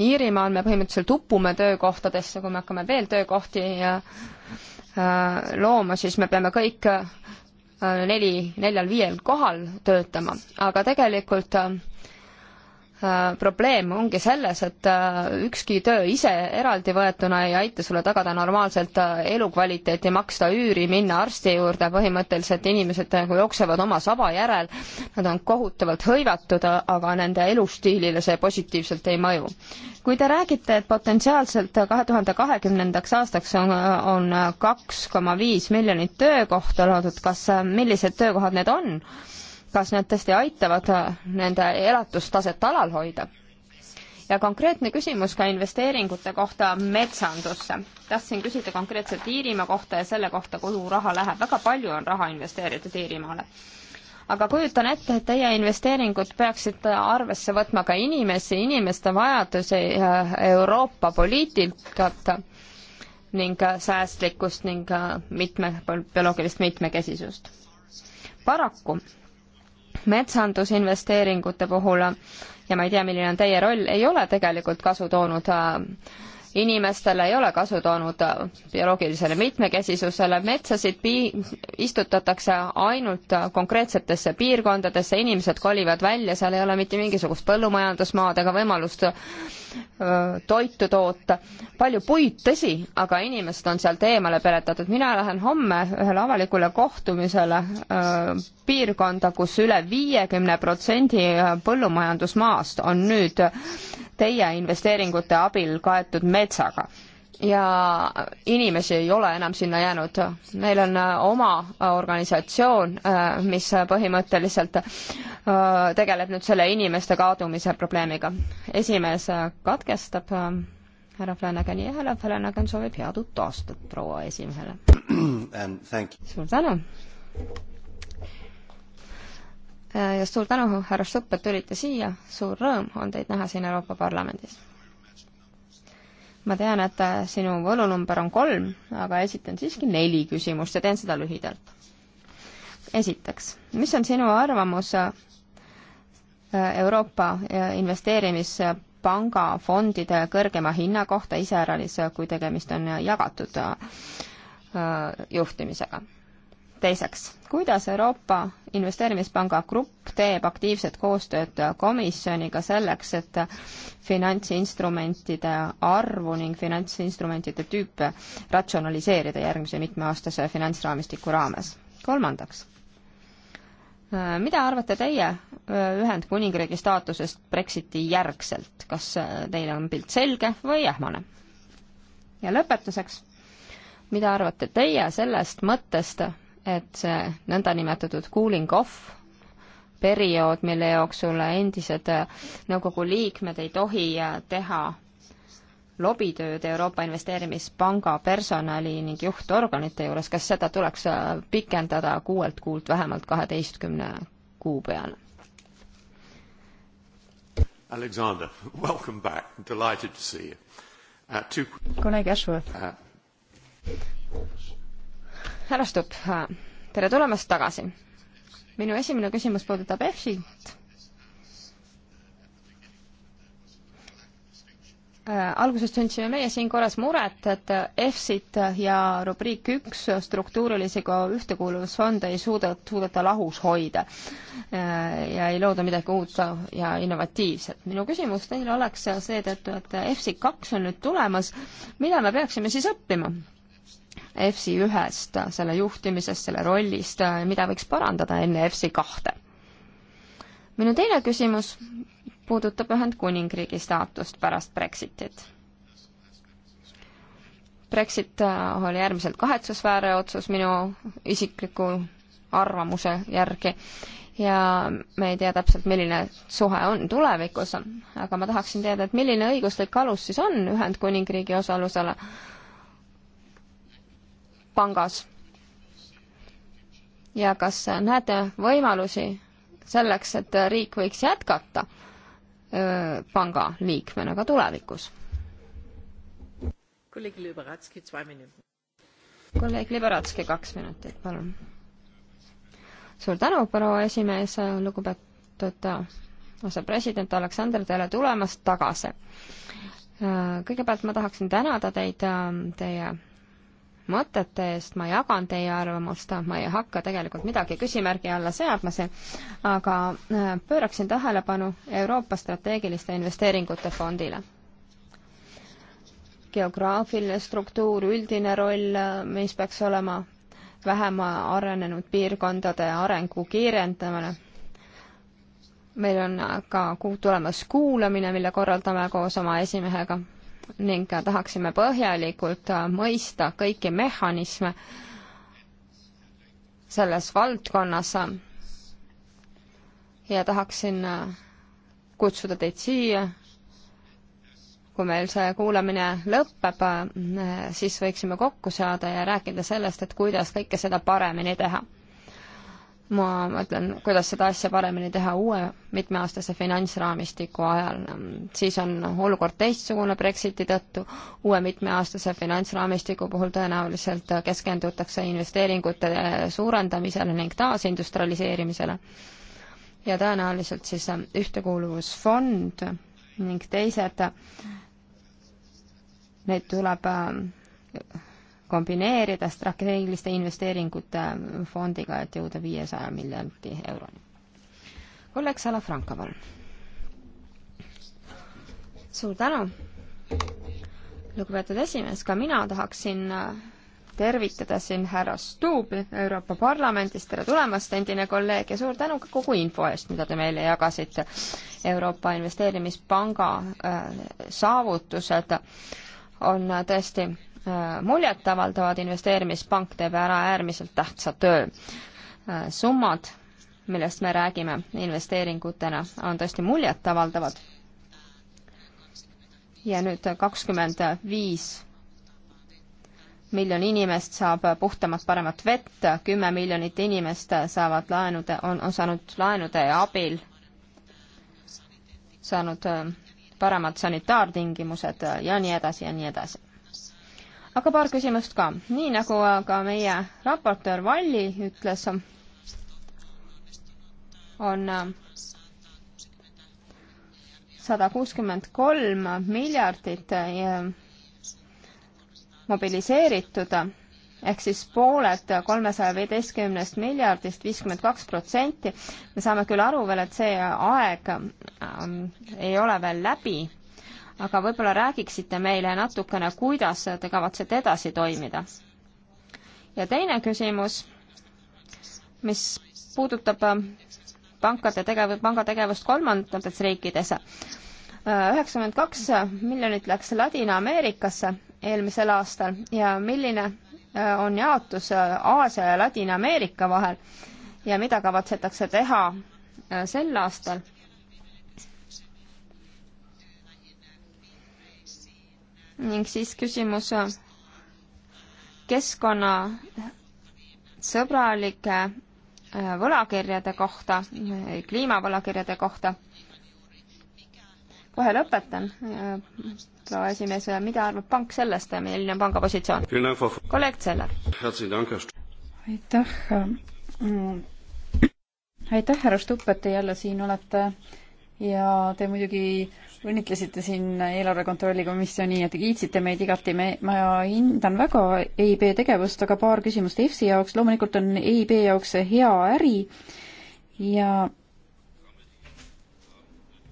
Iirimaal me põhimõtteliselt upume töökohtadesse, kui me hakkame veel töökohti ja Äh, looma, siis me peame kõik äh, neli, neljal-viiel kohal töötama, aga tegelikult äh, Äh, probleem ongi selles, et äh, ükski töö ise eraldi võetuna ei aita sulle tagada normaalselt äh, elukvaliteeti, maksta üüri, minna arsti juurde, põhimõtteliselt inimesed nagu jooksevad oma saba järel, nad on kohutavalt hõivatud, aga nende elustiilile see positiivselt ei mõju. kui te räägite, et potentsiaalselt kahe tuhande kahekümnendaks aastaks on, on kaks koma viis miljonit töökohta loodud, kas, millised töökohad need on? kas need tõesti aitavad äh, nende elatustaset alal hoida? ja konkreetne küsimus ka investeeringute kohta metsandusse. tahtsin küsida konkreetselt Iirimaa kohta ja selle kohta, kuhu raha läheb. väga palju on raha investeeritud Iirimaale. aga kujutan ette, et teie investeeringud peaksid arvesse võtma ka inimesi, inimeste vajadusi, äh, Euroopa poliitikat ning äh, säästlikkust ning mitme, bioloogilist mitmekesisust. paraku metsandusinvesteeringute puhul ja ma ei tea, milline on teie roll, ei ole tegelikult kasu toonud äh, inimestele ei ole kasu toonud bioloogilisele mitmekesisusele, metsasid pii-, istutatakse ainult konkreetsetesse piirkondadesse, inimesed kolivad välja, seal ei ole mitte mingisugust põllumajandusmaad ega võimalust toitu toota. palju puid, tõsi, aga inimesed on sealt eemale peletatud. mina lähen homme ühele avalikule kohtumisele öö, piirkonda, kus üle viiekümne protsendi põllumajandusmaast on nüüd teie investeeringute abil kaetud metsaga ja inimesi ei ole enam sinna jäänud. meil on äh, oma äh, organisatsioon, äh, mis põhimõtteliselt tegeleb nüüd selle inimeste kadumise probleemiga. esimees katkestab härra Flanagani ja härra Flanagan soovib head uut aastat proua esimehele. suur tänu! Äh, ja suur tänu, härra Šõpp, et tulite siia, suur rõõm on teid näha siin Euroopa Parlamendis. ma tean, et äh, sinu võlunumber on kolm, aga esitan siiski neli küsimust ja teen seda lühidalt. esiteks, mis on sinu arvamus äh, Euroopa Investeerimispanga fondide kõrgema hinna kohta, iseäranis kui tegemist on jagatud juhtimisega? teiseks, kuidas Euroopa Investeerimispanga grupp teeb aktiivset koostööd komisjoniga selleks, et finantsinstrumentide arvu ning finantsinstrumentide tüüpe ratsionaliseerida järgmise mitmeaastase finantsraamistiku raames? kolmandaks, mida arvate teie Ühendkuningriigi staatusest Brexiti järgselt, kas teile on pilt selge või ähmane? ja lõpetuseks mida arvate teie sellest mõttest, et see nõndanimetatud cooling off periood, mille jooksul endised äh, nõukogu liikmed ei tohi äh, teha lobitööd Euroopa Investeerimispanga personali ning juhtorganite juures, kas seda tuleks äh, pikendada kuuelt kuult vähemalt kaheteistkümne kuu peale? Alexander, welcome back, delighted to see you uh,. Two... kolleeg Ashworth uh härra Stubb, tere tulemast tagasi. minu esimene küsimus puudutab EFSit. Äh, alguses tundsime meie siin korras muret, et EFSit ja rubriik üks struktuurilisi kui ühtekuuluvusfonde ei suuda, suudeta lahus hoida. Äh, ja ei looda midagi uut ja innovatiivset. minu küsimus teile oleks seetõttu, et EFSi kaks on nüüd tulemas, mida me peaksime siis õppima? EFSI ühest, selle juhtimisest, selle rollist, mida võiks parandada enne EFSI kahte. minu teine küsimus puudutab Ühendkuningriigi staatust pärast Brexitit. Brexit äh, oli äärmiselt kahetsusväärne otsus minu isikliku arvamuse järgi ja me ei tea täpselt, milline suhe on tulevikus, aga ma tahaksin teada, et milline õiguslik alus siis on Ühendkuningriigi osalusele pangas. ja kas näete võimalusi selleks, et riik võiks jätkata öö, panga liikmena ka tulevikus? kolleeg Liberatski, kaks minutit, palun. suur tänu, proua esimees, lugupeetud asepresident Aleksander, teile tulemast tagasi. kõigepealt ma tahaksin tänada teid teie mõtete eest, ma jagan teie arvamust, ma ei hakka tegelikult midagi küsimärgi alla seadma siin, aga äh, pööraksin tähelepanu Euroopa strateegiliste investeeringute fondile. geograafiline struktuur, üldine roll, äh, mis peaks olema vähem arenenud piirkondade arengu kiirendamine meil on äh, ka tulemas kuulamine, mille korraldame koos oma esimehega ning tahaksime põhjalikult äh, mõista kõiki mehhanisme selles valdkonnas. ja tahaksin äh, kutsuda teid siia kui meil see kuulamine lõpeb, äh, siis võiksime kokku saada ja rääkida sellest, et kuidas kõike seda paremini teha ma mõtlen, kuidas seda asja paremini teha uue mitmeaastase finantsraamistiku ajal. siis on olukord teistsugune Brexiti tõttu, uue mitmeaastase finantsraamistiku puhul tõenäoliselt keskendutakse investeeringute suurendamisele ning taasindustrialiseerimisele. ja tõenäoliselt siis Ühtekuuluvusfond ning teised, neid tuleb kombineerida strateegiliste investeeringute fondiga, et jõuda viiesaja miljardi euroni. kolleeg Salafranca, palun. suur tänu, lugupeetud esimees, ka mina tahaksin äh, tervitada siin härra Stuubi Euroopa Parlamendist, tere tulemast, endine kolleeg, ja suur tänu ka kogu info eest, mida te meile jagasite. Euroopa Investeerimispanga äh, saavutused on äh, tõesti Äh, muljetavaldavad, investeerimispank teeb ära äärmiselt tähtsa töö. Äh, summad, millest me räägime investeeringutena, on tõesti muljetavaldavad. ja nüüd kakskümmend viis miljon inimest saab puhtamat, paremat vett, kümme miljonit inimest saavad laenude, on, on saanud laenude abil, saanud äh, paremad sanitaartingimused ja nii edasi ja nii edasi aga paar küsimust ka. nii nagu ka meie raportöör Valli ütles, on äh, sada kuuskümmend kolm miljardit äh, mobiliseeritud ehk siis pooled kolmesaja viieteistkümnest miljardist, viiskümmend kaks protsenti. me saame küll aru veel, et see aeg äh, ei ole veel läbi aga võib-olla räägiksite meile natukene, kuidas te kavatsete edasi toimida? ja teine küsimus, mis puudutab äh, pankade tegev-, panga tegevust kolmandates riikides. Äh, üheksakümmend kaks miljonit läks Ladina-Ameerikasse eelmisel aastal ja milline äh, on jaotus Aasia ja Ladina-Ameerika vahel ja mida kavatsetakse teha sel aastal ning siis küsimus keskkonnasõbralike äh, võlakirjade kohta, äh, kliimavõlakirjade kohta. kohe lõpetan, äh, proua esimees, mida arvab pank sellest ja milline on panga positsioon? kolleeg Zeller. aitäh, mm. aitäh, härra Stupp, et te jälle siin olete ja te muidugi õnnitlesite siin eelarve kontrolli komisjoni ja te kiitsite meid igati, me, ma hindan väga EIB tegevust, aga paar küsimust EFSi jaoks, loomulikult on EIB jaoks see hea äri ja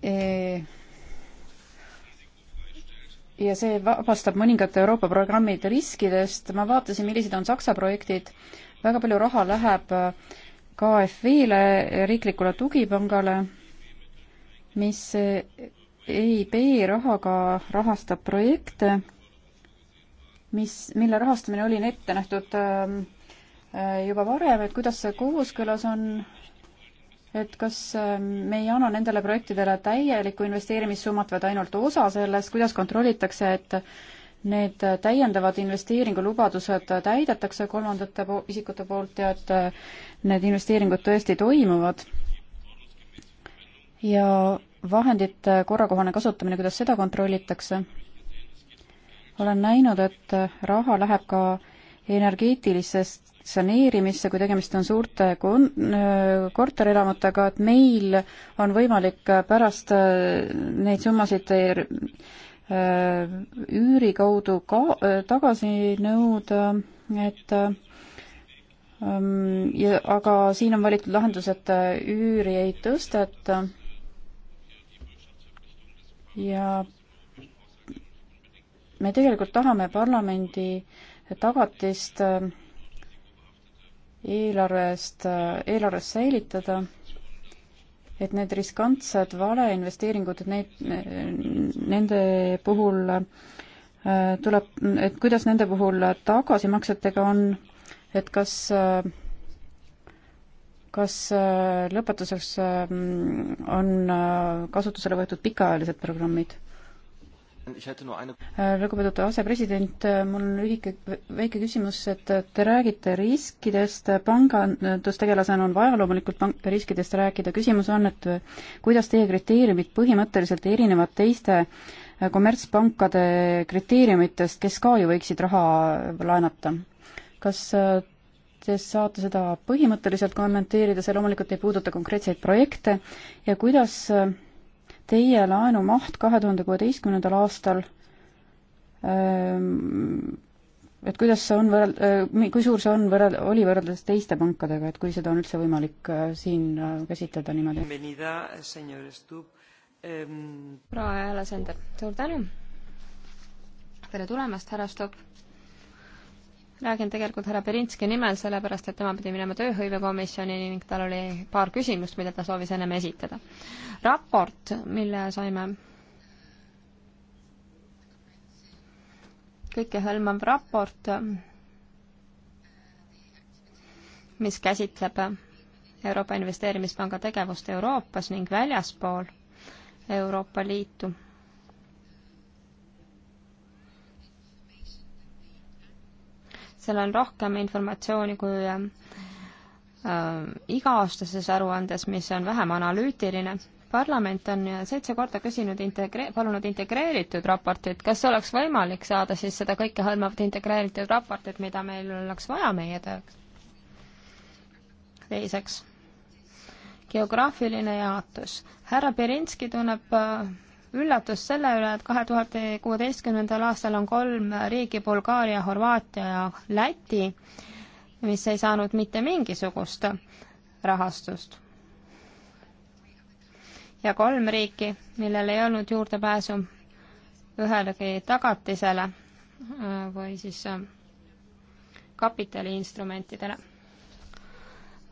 e ja see vabastab mõningate Euroopa programmide riskidest, ma vaatasin, millised on Saksa projektid, väga palju raha läheb KFV-le, riiklikule tugipangale, mis EIB rahaga rahastab projekte, mis, mille rahastamine oli ette nähtud ähm, äh, juba varem, et kuidas see kooskõlas on, et kas ähm, me ei anna nendele projektidele täielikku investeerimissummat, vaid ainult osa sellest, kuidas kontrollitakse, et need täiendavad investeeringulubadused täidetakse kolmandate po isikute poolt ja et äh, need investeeringud tõesti toimuvad ja vahendite korrakohane kasutamine, kuidas seda kontrollitakse? olen näinud, et raha läheb ka energeetilisse saneerimisse, kui tegemist on suurte kon-, korterelamutega, et meil on võimalik pärast äh, neid summasid äh, üüri kaudu ka äh, tagasi nõuda, et ähm, ja aga siin on valitud lahendus, et üüri ei tõsteta ja me tegelikult tahame parlamendi tagatist äh, eelarvest, äh, eelarves säilitada, et need riskantsed valeinvesteeringud, et neid, nende puhul äh, tuleb, et kuidas nende puhul tagasimaksetega on, et kas äh, kas äh, lõpetuseks äh, on äh, kasutusele võetud pikaajalised programmid? lugupeetud asepresident, mul on lühike, väike küsimus, et te räägite riskidest, pangandustegelasena on vaja loomulikult pank-, riskidest rääkida, küsimus on, et kuidas teie kriteeriumid põhimõtteliselt erinevad teiste kommertspankade kriteeriumitest, kes ka ju võiksid raha laenata? kas te saate seda põhimõtteliselt kommenteerida, see loomulikult ei puuduta konkreetseid projekte, ja kuidas äh, teie laenumaht kahe tuhande kuueteistkümnendal aastal, ähm, et kuidas see on võrreld-, äh, kui suur see on võrreld-, oli võrreldes teiste pankadega, et kui seda on üldse võimalik äh, siin käsitleda niimoodi? proua Jaela Sender, suur tänu! tere tulemast, härra Stubb! räägin tegelikult härra Berinski nimel, sellepärast et tema pidi minema tööhõivekomisjoni ning tal oli paar küsimust, mida ta soovis ennem esitada. raport, mille saime, kõikehõlmav raport, mis käsitleb Euroopa Investeerimispanga tegevust Euroopas ning väljaspool Euroopa Liitu seal on rohkem informatsiooni kui ähm, äh, iga-aastases aruandes, mis on vähem analüütiline. parlament on seitse korda küsinud integre-, palunud integreeritud raportit, kas oleks võimalik saada siis seda kõikehõlmavat integreeritud raportit, mida meil oleks vaja meie tööks? teiseks, geograafiline jaotus. härra Berinski tunneb äh, üllatus selle üle, et kahe tuhande kuueteistkümnendal aastal on kolm riigi, Bulgaaria, Horvaatia ja Läti, mis ei saanud mitte mingisugust rahastust. ja kolm riiki, millel ei olnud juurdepääsu ühelegi tagatisele äh, või siis äh, kapitaliinstrumentidele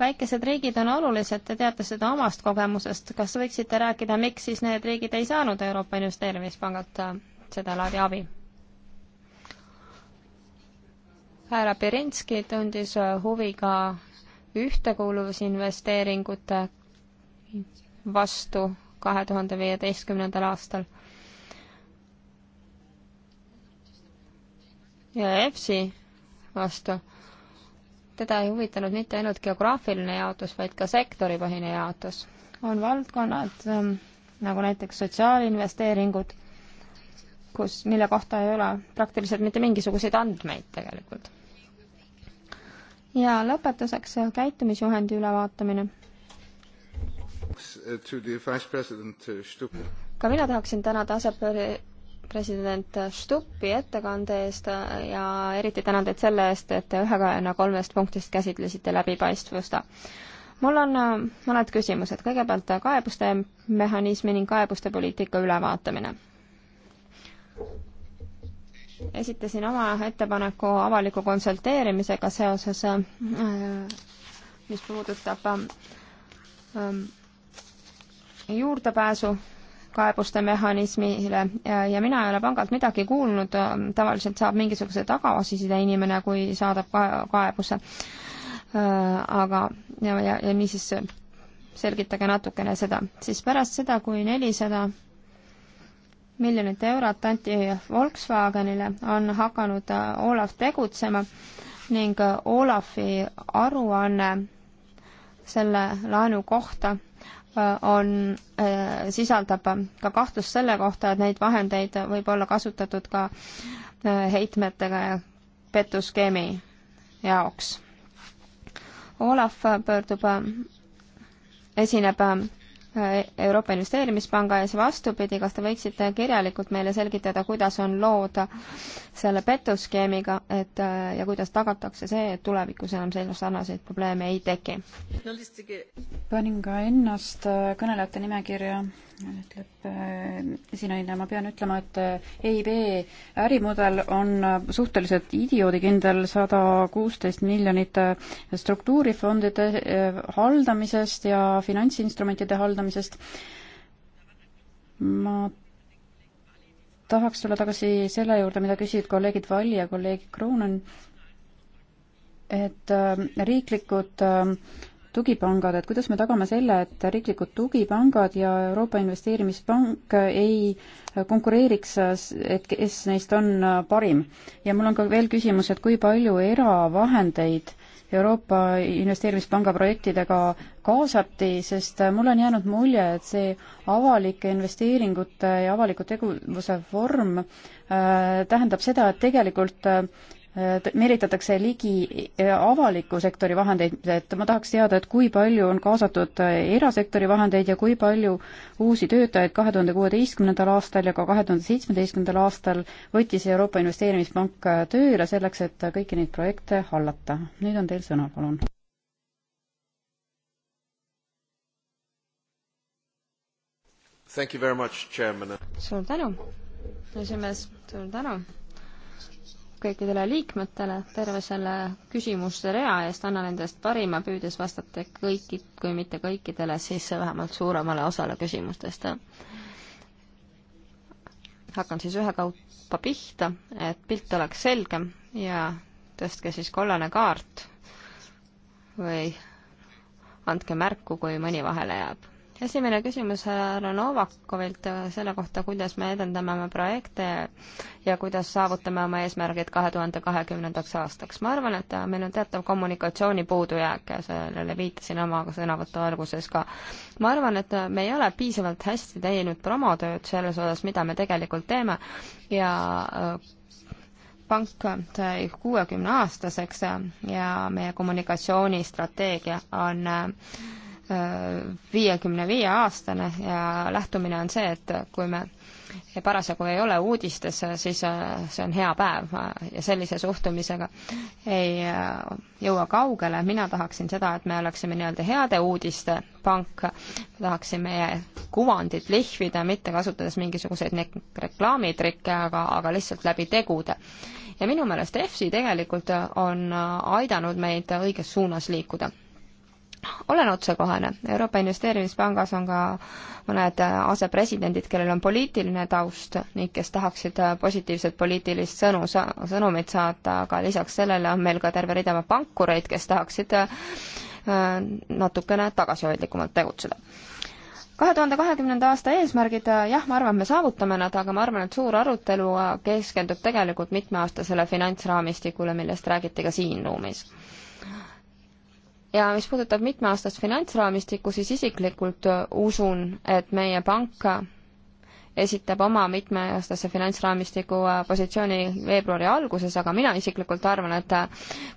väikesed riigid on olulised, te teate seda omast kogemusest, kas võiksite rääkida, miks siis need riigid ei saanud Euroopa Investeerimispangalt äh, sedalaadi abi? härra Berinski tundis äh, huvi ka ühtekuuluvusinvesteeringute vastu kahe tuhande viieteistkümnendal aastal. ja EFSI vastu teda ei huvitanud mitte ainult geograafiline jaotus, vaid ka sektoripõhine jaotus. on valdkonnad ähm, nagu näiteks sotsiaalinvesteeringud, kus, mille kohta ei ole praktiliselt mitte mingisuguseid andmeid tegelikult. ja lõpetuseks käitumisjuhendi ülevaatamine. Uh, uh, ka mina tahaksin tänada asepööri president Stuppi ettekande eest äh, ja eriti tänan teid selle eest, et te ühekajana kolmest punktist käsitlesite läbipaistvust. mul on äh, mõned küsimused, kõigepealt äh, kaebuste mehhanismi ning kaebuste poliitika ülevaatamine. esitasin oma ettepaneku avaliku konsulteerimisega seoses, mis puudutab juurdepääsu kaebuste mehhanismile ja mina ei ole pangalt midagi kuulnud, tavaliselt saab mingisuguse tagasiside inimene, kui saadab kaebuse. Äh, aga, ja, ja, ja niisiis selgitage natukene seda, siis pärast seda, kui nelisada miljonit eurot anti Volkswagenile, on hakanud äh, Olav tegutsema ning äh, Olavi aruanne selle laenu kohta Äh, on, äh, sisaldab ka kahtlust selle kohta, et neid vahendeid võib olla kasutatud ka äh, heitmetega petuskeemi jaoks. Olav pöördub, esineb Euroopa Investeerimispanga ees, vastupidi, kas te võiksite kirjalikult meile selgitada, kuidas on lood selle petuskeemiga, et ja kuidas tagatakse see, et tulevikus enam sellist sarnaseid probleeme ei teki? panin ka ennast kõnelejate nimekirja ütleb esinaine, äh, ma pean ütlema, et äh, EIB ärimudel on äh, suhteliselt idioodikindel, sada kuusteist miljonit struktuurifondide haldamisest ja finantsinstrumentide haldamisest. ma tahaks tulla tagasi selle juurde, mida küsisid kolleegid Valli ja kolleeg Kroonen, et riiklikud äh, tugipangad, et kuidas me tagame selle, et riiklikud tugipangad ja Euroopa Investeerimispank ei konkureeriks, et kes neist on parim. ja mul on ka veel küsimus, et kui palju eravahendeid Euroopa Investeerimispanga projektidega kaasati, sest mul on jäänud mulje, et see avalike investeeringute ja avaliku tegevuse vorm äh, tähendab seda, et tegelikult äh, meelitatakse ligi eh, avaliku sektori vahendeid, et ma tahaks teada, et kui palju on kaasatud eh, erasektori vahendeid ja kui palju uusi töötajaid kahe tuhande kuueteistkümnendal aastal ja ka kahe tuhande seitsmeteistkümnendal aastal võttis Euroopa Investeerimispank eh, tööle selleks, et kõiki neid projekte hallata. nüüd on teil sõna, palun. suur tänu, esimees, suur tänu kõikidele liikmetele terve selle küsimuste rea eest, annan endast parima, püüdes vastata kõiki, kui mitte kõikidele, siis vähemalt suuremale osale küsimustest. hakkan siis ühekaupa pihta, et pilt oleks selgem ja tõstke siis kollane kaart või andke märku, kui mõni vahele jääb esimene küsimus härra Novakovilt selle kohta, kuidas me edendame oma projekte ja kuidas saavutame oma eesmärgid kahe tuhande kahekümnendaks aastaks. ma arvan, et meil on teatav kommunikatsiooni puudujääk ja sellele viitasin oma sõnavõtu alguses ka. ma arvan, et me ei ole piisavalt hästi teinud promotööd selles osas, mida me tegelikult teeme ja äh, pank sai kuuekümne aastaseks ja meie kommunikatsioonistrateegia on äh, viiekümne viie aastane ja lähtumine on see, et kui me parasjagu ei ole uudistes, siis äh, see on hea päev äh, ja sellise suhtumisega ei äh, jõua kaugele. mina tahaksin seda, et me oleksime nii-öelda heade uudiste pank, tahaksin meie kuvandit lihvida, mitte kasutades mingisuguseid reklaamitrikke, aga, aga lihtsalt läbi tegude. ja minu meelest EFSI tegelikult on aidanud meid õiges suunas liikuda olen otsekohene. Euroopa Investeerimispangas on ka mõned asepresidendid, kellel on poliitiline taust ning kes tahaksid positiivset poliitilist sõnu, sõnumit saata, aga lisaks sellele on meil ka terve rida pankureid, kes tahaksid äh, natukene tagasihoidlikumalt tegutseda kahe tuhande kahekümnenda aasta eesmärgid, äh, jah, ma arvan, me saavutame nad, aga ma arvan, et suur arutelu äh, keskendub tegelikult mitmeaastasele finantsraamistikule, millest räägiti ka siin ruumis ja mis puudutab mitmeaastast finantsraamistikku, siis isiklikult äh, usun, et meie pank äh, esitab oma mitmeaastase finantsraamistiku äh, positsiooni veebruari alguses, aga mina isiklikult arvan, et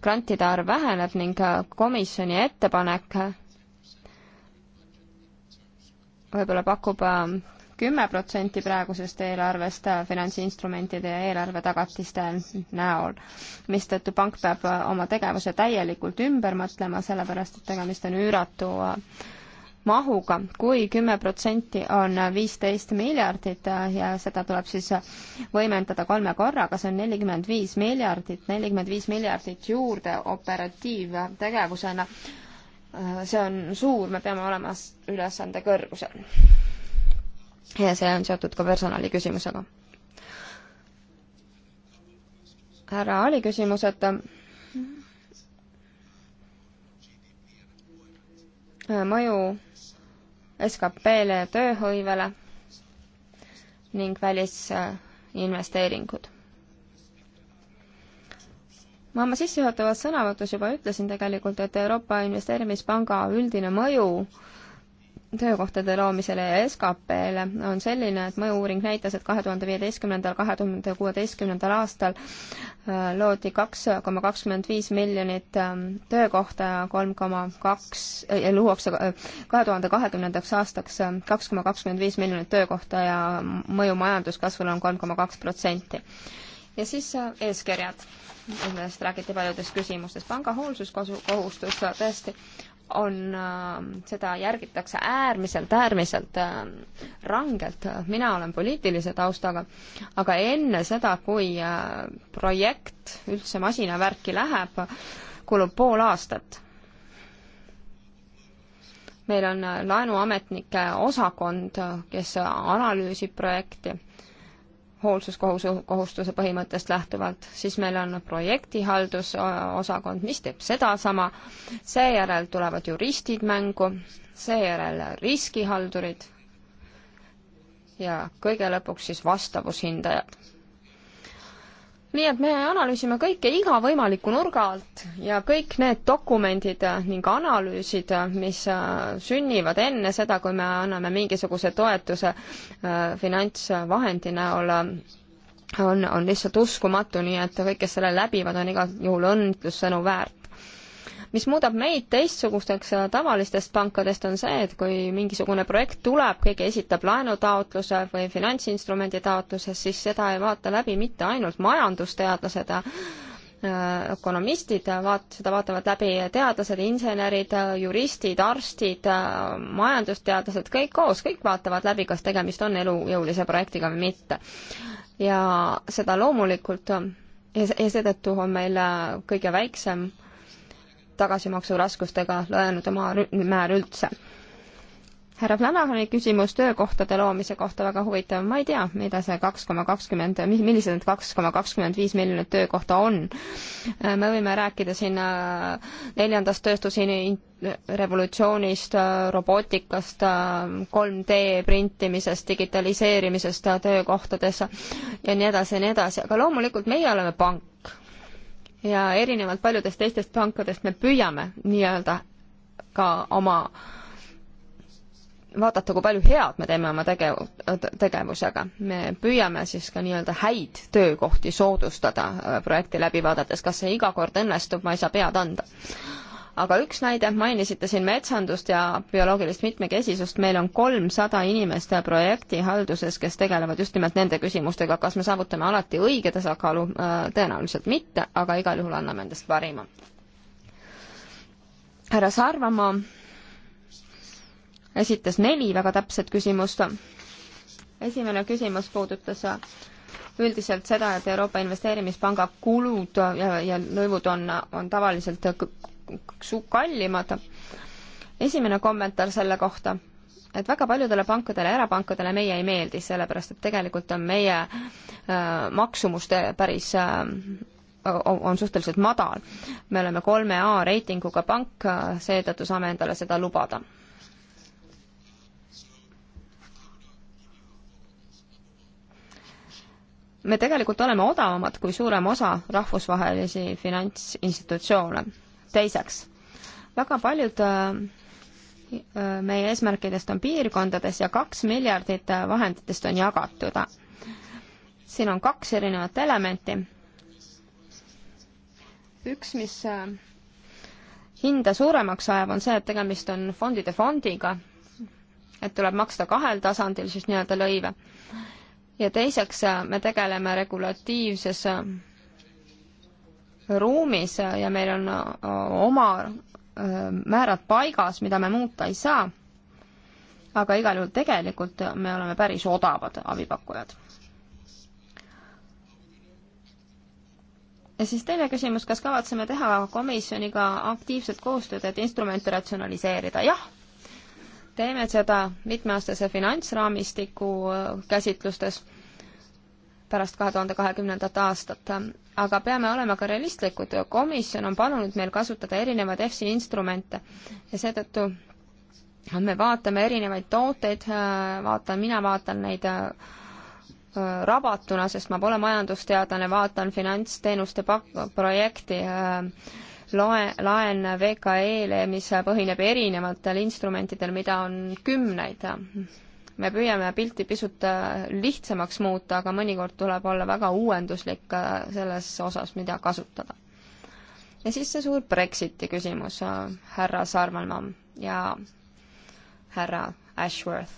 grantide arv väheneb ning komisjoni ettepanek võib-olla pakub kümme protsenti praegusest eelarvest finantsinstrumentide ja eelarvetagatiste näol, mistõttu pank peab oma tegevuse täielikult ümber mõtlema, sellepärast et tegemist on üüratu mahuga kui, kui kümme protsenti on viisteist miljardit ja seda tuleb siis võimendada kolme korraga, see on nelikümmend viis miljardit, nelikümmend viis miljardit juurde operatiivtegevusena see on suur, me peame olema ülesande kõrgusel ja see on seotud ka personali küsimusega. härra Ali küsimus, et mõju SKP-le ja tööhõivele ning välisinvesteeringud. ma oma sissejuhatavas sõnavõtus juba ütlesin tegelikult, et Euroopa Investeerimispanga üldine mõju äh, töökohtade loomisele ja SKP-le on selline, et mõju-uuring näitas, et kahe tuhande viieteistkümnendal, kahe tuhande kuueteistkümnendal aastal äh, loodi kaks koma kakskümmend viis miljonit ähm, töökohta ja kolm koma kaks, äh, luuakse äh, kahe tuhande kahekümnendaks aastaks kaks koma kakskümmend viis miljonit töökohta ja mõju majanduskasvule on kolm koma kaks protsenti. ja siis eeskirjad millest räägiti paljudes küsimustes. panga hoolsuskohustus tõesti on, ähm, seda järgitakse äärmiselt, äärmiselt ähm, rangelt. mina olen poliitilise taustaga, aga enne seda, kui äh, projekt üldse masinavärki läheb, kulub pool aastat. meil on äh, laenuametnike osakond, äh, kes analüüsib projekti hoolsuskohustuse põhimõttest lähtuvalt, siis meil on projektihaldusosakond, mis teeb sedasama, seejärel tulevad juristid mängu, seejärel riskihaldurid ja kõige lõpuks siis vastavushindajad nii et me analüüsime kõike iga võimaliku nurga alt ja kõik need dokumendid ning analüüsid, mis äh, sünnivad enne seda, kui me anname mingisuguse toetuse äh, finantsvahendi näol, on, on lihtsalt uskumatu, nii et kõik, kes selle läbivad, on igal juhul õnnitlussõnu väärt mis muudab meid teistsugusteks äh, tavalistest pankadest, on see, et kui mingisugune projekt tuleb, keegi esitab laenutaotluse või finantsinstrumendi taotluse, siis seda ei vaata läbi mitte ainult majandusteadlased, äh, ökonomistid vaat-, seda vaatavad läbi teadlased, insenerid, juristid, arstid, äh, majandusteadlased, kõik koos, kõik vaatavad läbi, kas tegemist on elujõulise projektiga või mitte. ja seda loomulikult ja, ja seetõttu on meil kõige väiksem tagasimaksuraskustega löönud oma määr üldse. härra Flanagani küsimus töökohtade loomise kohta väga huvitav, ma ei tea, mida see kaks koma kakskümmend, millised need kaks koma kakskümmend viis miljonit töökohta on. me võime rääkida siin äh, neljandast tööstusini-, revolutsioonist, äh, robootikast, 3D äh, printimisest, digitaliseerimisest töökohtades ja nii edasi ja nii edasi, aga loomulikult meie oleme pank ja erinevalt paljudest teistest pankadest me püüame nii-öelda ka oma vaadata, kui palju head me teeme oma tegev-, tegevusega. me püüame siis ka nii-öelda häid töökohti soodustada äh, projekti läbi vaadates, kas see iga kord õnnestub, ma ei saa pead anda aga üks näide, mainisite siin metsandust ja bioloogilist mitmekesisust, meil on kolmsada inimest projekti halduses, kes tegelevad just nimelt nende küsimustega, kas me saavutame alati õige tasakaalu, äh, tõenäoliselt mitte, aga igal juhul anname endast parima. härra Sarvamaa esitas neli väga täpset küsimust. esimene küsimus puudutas üldiselt seda, et Euroopa Investeerimispanga kulud ja, ja lõivud on, on tavaliselt kallimad. esimene kommentaar selle kohta, et väga paljudele pankadele, erapankadele meie ei meeldi, sellepärast et tegelikult on meie äh, maksumus päris äh, on suhteliselt madal. me oleme kolme A reitinguga pank, äh, seetõttu saame endale seda lubada me tegelikult oleme odavamad kui suurem osa rahvusvahelisi finantsinstitutsioone teiseks, väga paljud äh, äh, meie eesmärkidest on piirkondades ja kaks miljardit äh, vahenditest on jagatud. siin on kaks erinevat elementi. üks, mis hinda suuremaks ajab, on see, et tegemist on fondide fondiga, et tuleb maksta kahel tasandil siis nii-öelda lõive. ja teiseks me tegeleme regulatiivses ruumis ja meil on äh, oma äh, määrad paigas, mida me muuta ei saa. aga igal juhul tegelikult me oleme päris odavad abipakkujad. ja siis teine küsimus, kas kavatseme teha komisjoniga aktiivset koostööd, et instrumente ratsionaliseerida? jah, teeme seda mitmeaastase finantsraamistiku äh, käsitlustes pärast kahe tuhande kahekümnendat aastat. aga peame olema ka realistlikud, komisjon on palunud meil kasutada erinevaid EFSI instrumente ja seetõttu me vaatame erinevaid tooteid, vaatan, mina vaatan neid äh, rabatuna, sest ma pole majandusteadlane, vaatan finantsteenuste pak-, projekti äh, lae, laen VKE-le, mis põhineb erinevatel instrumentidel, mida on kümneid me püüame pilti pisut äh, lihtsamaks muuta, aga mõnikord tuleb olla väga uuenduslik äh, selles osas, mida kasutada. ja siis see suur Brexiti küsimus, äh, härra Sarvelmann ja härra Ashworth.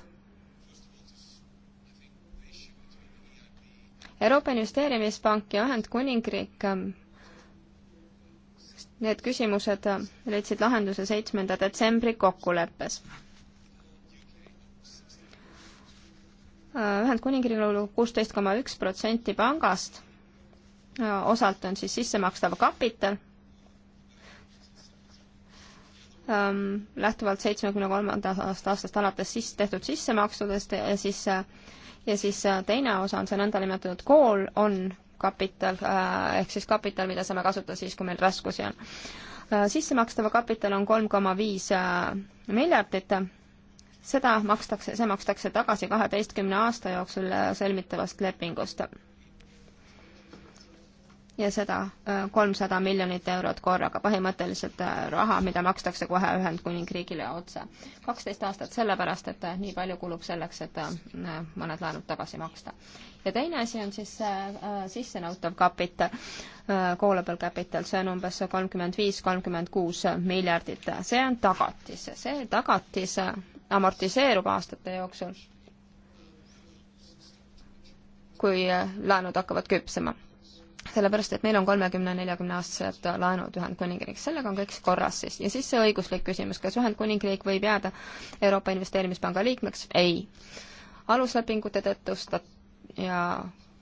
Euroopa Investeerimispank ja Ühendkuningriik Need küsimused leidsid lahenduse seitsmenda detsembri kokkuleppes. Äh, Ühendkuningriigil oli kuusteist koma üks protsenti pangast, äh, osalt on siis sissemakstav kapital, ähm, lähtuvalt seitsmekümne kolmandast aastast alates siis tehtud sissemaksudest ja siis, äh, ja siis teine osa on see nõndanimetatud call on kapital, ehk siis kapital, mida saame kasutada siis, kui meil raskusi on. sissemakstava kapital on kolm koma viis miljardit seda makstakse, see makstakse tagasi kaheteistkümne aasta jooksul äh, sõlmitavast lepingust. ja seda äh, kolmsada miljonit eurot korraga, põhimõtteliselt äh, raha, mida makstakse kohe Ühendkuningriigile otse. kaksteist aastat sellepärast, et nii palju kulub selleks, et mõned laenud tagasi maksta. ja teine asi on siis sissenõutav kapital, callable capital, see on umbes kolmkümmend viis, kolmkümmend kuus miljardit, see on tagatis, see tagatis amortiseerub aastate jooksul, kui laenud hakkavad küpsema. sellepärast, et meil on kolmekümne, neljakümne aastased laenud Ühendkuningriigis, sellega on kõik korras siis. ja siis see õiguslik küsimus, kas Ühendkuningriik võib jääda Euroopa Investeerimispanga liikmeks? ei. aluslepingute tõttu ja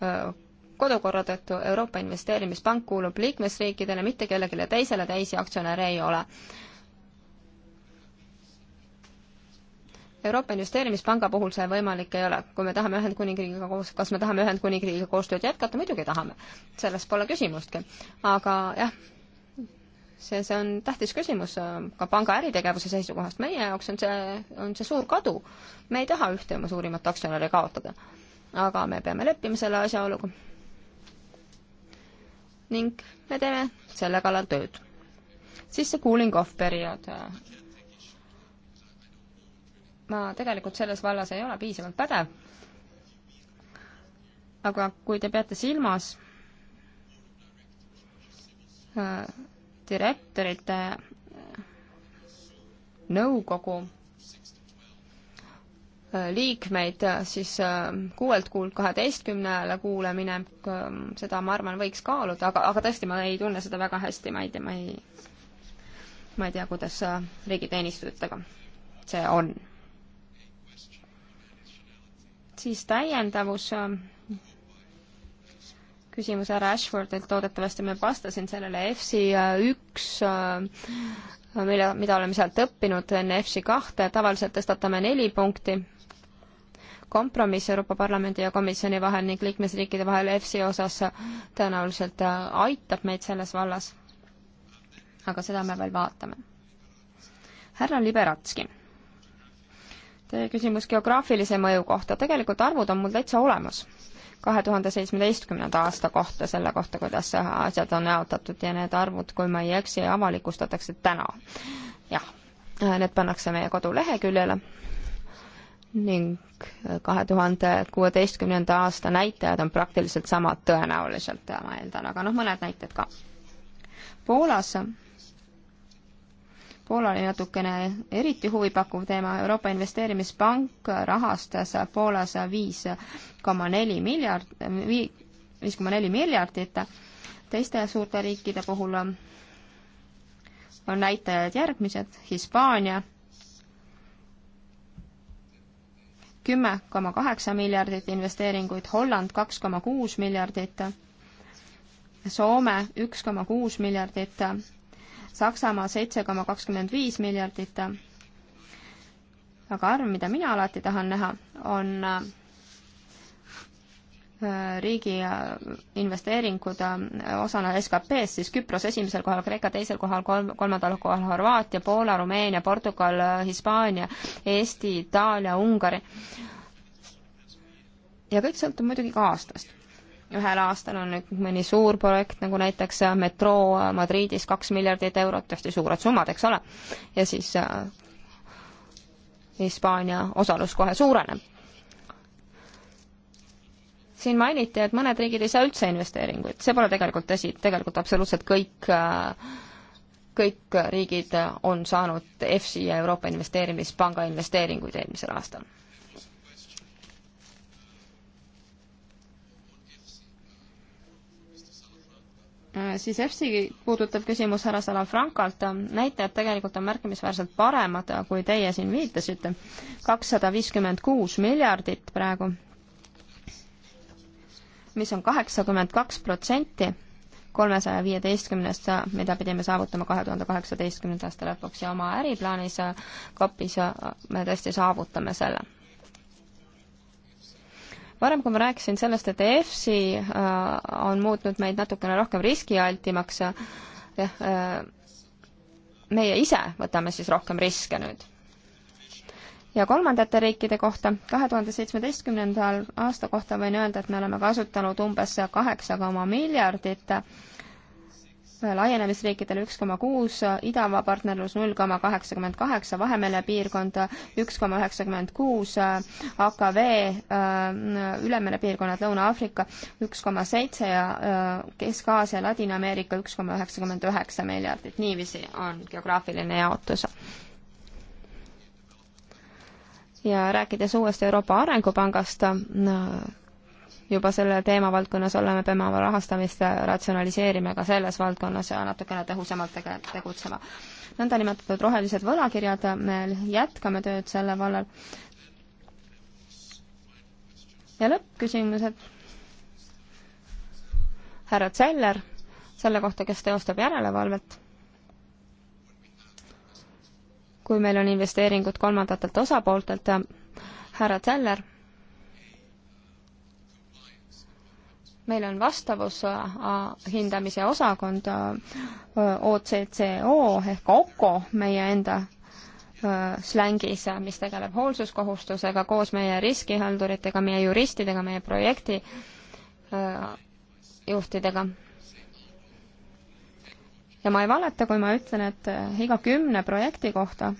öö, kodukorra tõttu Euroopa Investeerimispank kuulub liikmesriikidele, mitte kellelegi teisele, teisi aktsionäre ei ole Euroopa Investeerimispanga puhul see võimalik ei ole. kui me tahame Ühendkuningriigiga koos, kas me tahame Ühendkuningriigiga koostööd jätkata, muidugi tahame. selles pole küsimustki. aga jah, see, see on tähtis küsimus äh, ka panga äritegevuse seisukohast. meie jaoks on see, on see suur kadu. me ei taha ühte oma suurimat aktsionäri kaotada. aga me peame leppima selle asjaoluga. ning me teeme selle kallal tööd. siis see cooling off periood äh, ma tegelikult selles vallas ei ole piisavalt pädev. aga kui te peate silmas äh, direktorite äh, nõukogu äh, liikmeid siis kuuelt kuult kaheteistkümnele kuule minek, seda ma arvan, võiks kaaluda, aga, aga tõesti, ma ei tunne seda väga hästi, ma ei tea, ma ei, ma ei tea, kuidas riigiteenistujatega see on siis täiendavus, küsimus härra Ashfordilt, loodetavasti ma vastasin sellele, EFSI äh, üks, äh, mille, mida oleme sealt õppinud enne EFSI kahte, tavaliselt tõstatame neli punkti, kompromiss Euroopa Parlamendi ja komisjoni vahel ning liikmesriikide vahel EFSI osas tõenäoliselt äh, aitab meid selles vallas. aga seda me veel vaatame. härra Liberatski Teie küsimus geograafilise mõju kohta, tegelikult arvud on mul täitsa olemas kahe tuhande seitsmeteistkümnenda aasta kohta, selle kohta, kuidas asjad on jaotatud ja need arvud, kui ma ei eksi, avalikustatakse täna. jah, need pannakse meie koduleheküljele ning kahe tuhande kuueteistkümnenda aasta näitajad on praktiliselt samad tõenäoliselt, ma eeldan, aga noh, mõned näited ka. Poolas Poola oli natukene eriti huvipakkuv teema, Euroopa Investeerimispank rahastas Poolas viis koma neli miljard, viis koma neli miljardit, teiste suurte riikide puhul on näitajad järgmised, Hispaania kümme koma kaheksa miljardit investeeringuid, Holland kaks koma kuus miljardit, Soome üks koma kuus miljardit Saksamaa seitse koma kakskümmend viis miljardit. aga arv, mida mina alati tahan näha, on äh, riigi äh, investeeringud äh, osana SKP-st, siis Küpros esimesel kohal, Kreeka teisel kohal, kolm, kolmandal kohal Horvaatia, Poola, Rumeenia, Portugal, Hispaania, Eesti, Itaalia, Ungari. ja kõik sõltub muidugi ka aastast ühel aastal on mõni suur projekt, nagu näiteks äh, metroo äh, Madridis kaks miljardit eurot, hästi suured summad, eks ole, ja siis äh, Hispaania osalus kohe suureneb. siin mainiti, et mõned riigid ei saa üldse investeeringuid, see pole tegelikult tõsi, tegelikult absoluutselt kõik kõik riigid on saanud EFSI ja Euroopa Investeerimispanga investeeringuid eelmisel aastal Äh, siis EFSI puudutav küsimus härra Salafrankalt, näitajad tegelikult on märkimisväärselt paremad, äh, kui teie siin viitasite. kakssada viiskümmend kuus miljardit praegu, mis on kaheksakümmend kaks protsenti kolmesaja viieteistkümnest, äh, mida pidime saavutama kahe tuhande kaheksateistkümnenda aasta lõpuks ja oma äriplaanis kapis me tõesti saavutame selle varem, kui ma rääkisin sellest, et EFSI äh, on muutnud meid natukene rohkem riskialtimaks, äh, jah, äh, meie ise võtame siis rohkem riske nüüd. ja kolmandate riikide kohta, kahe tuhande seitsmeteistkümnendal aasta kohta võin öelda, et me oleme kasutanud umbes kaheksa koma miljardit laienemisriikidele üks koma kuus, idava partnerlus null koma kaheksakümmend kaheksa, Vahemere piirkond üks koma üheksakümmend kuus, AKV äh, Ülemere piirkonnad Lõuna-Aafrika üks koma seitse ja äh, Kesk-Aasia, Ladina-Ameerika üks koma üheksakümmend üheksa miljardit, niiviisi on geograafiline jaotus ja rääkides uuesti Euroopa Arengupangast no,, äh, juba selle teemavaldkonnas oleme, peame oma rahastamist ratsionaliseerima ka selles valdkonnas ja natukene tõhusamalt tege-, tegutsema. nõndanimetatud rohelised võlakirjad, me jätkame tööd selle vallal. ja lõppküsimused. härra Zeller, selle kohta, kes teostab järelevalvet kui meil on investeeringud kolmandatelt osapooltelt. härra Zeller meil on vastavushindamise osakond OCCO äh, ehk OCO meie enda äh, slängis, mis tegeleb hoolsuskohustusega koos meie riskihalduritega, meie juristidega, meie projekti äh, juhtidega. ja ma ei valeta, kui ma ütlen, et iga kümne projekti kohta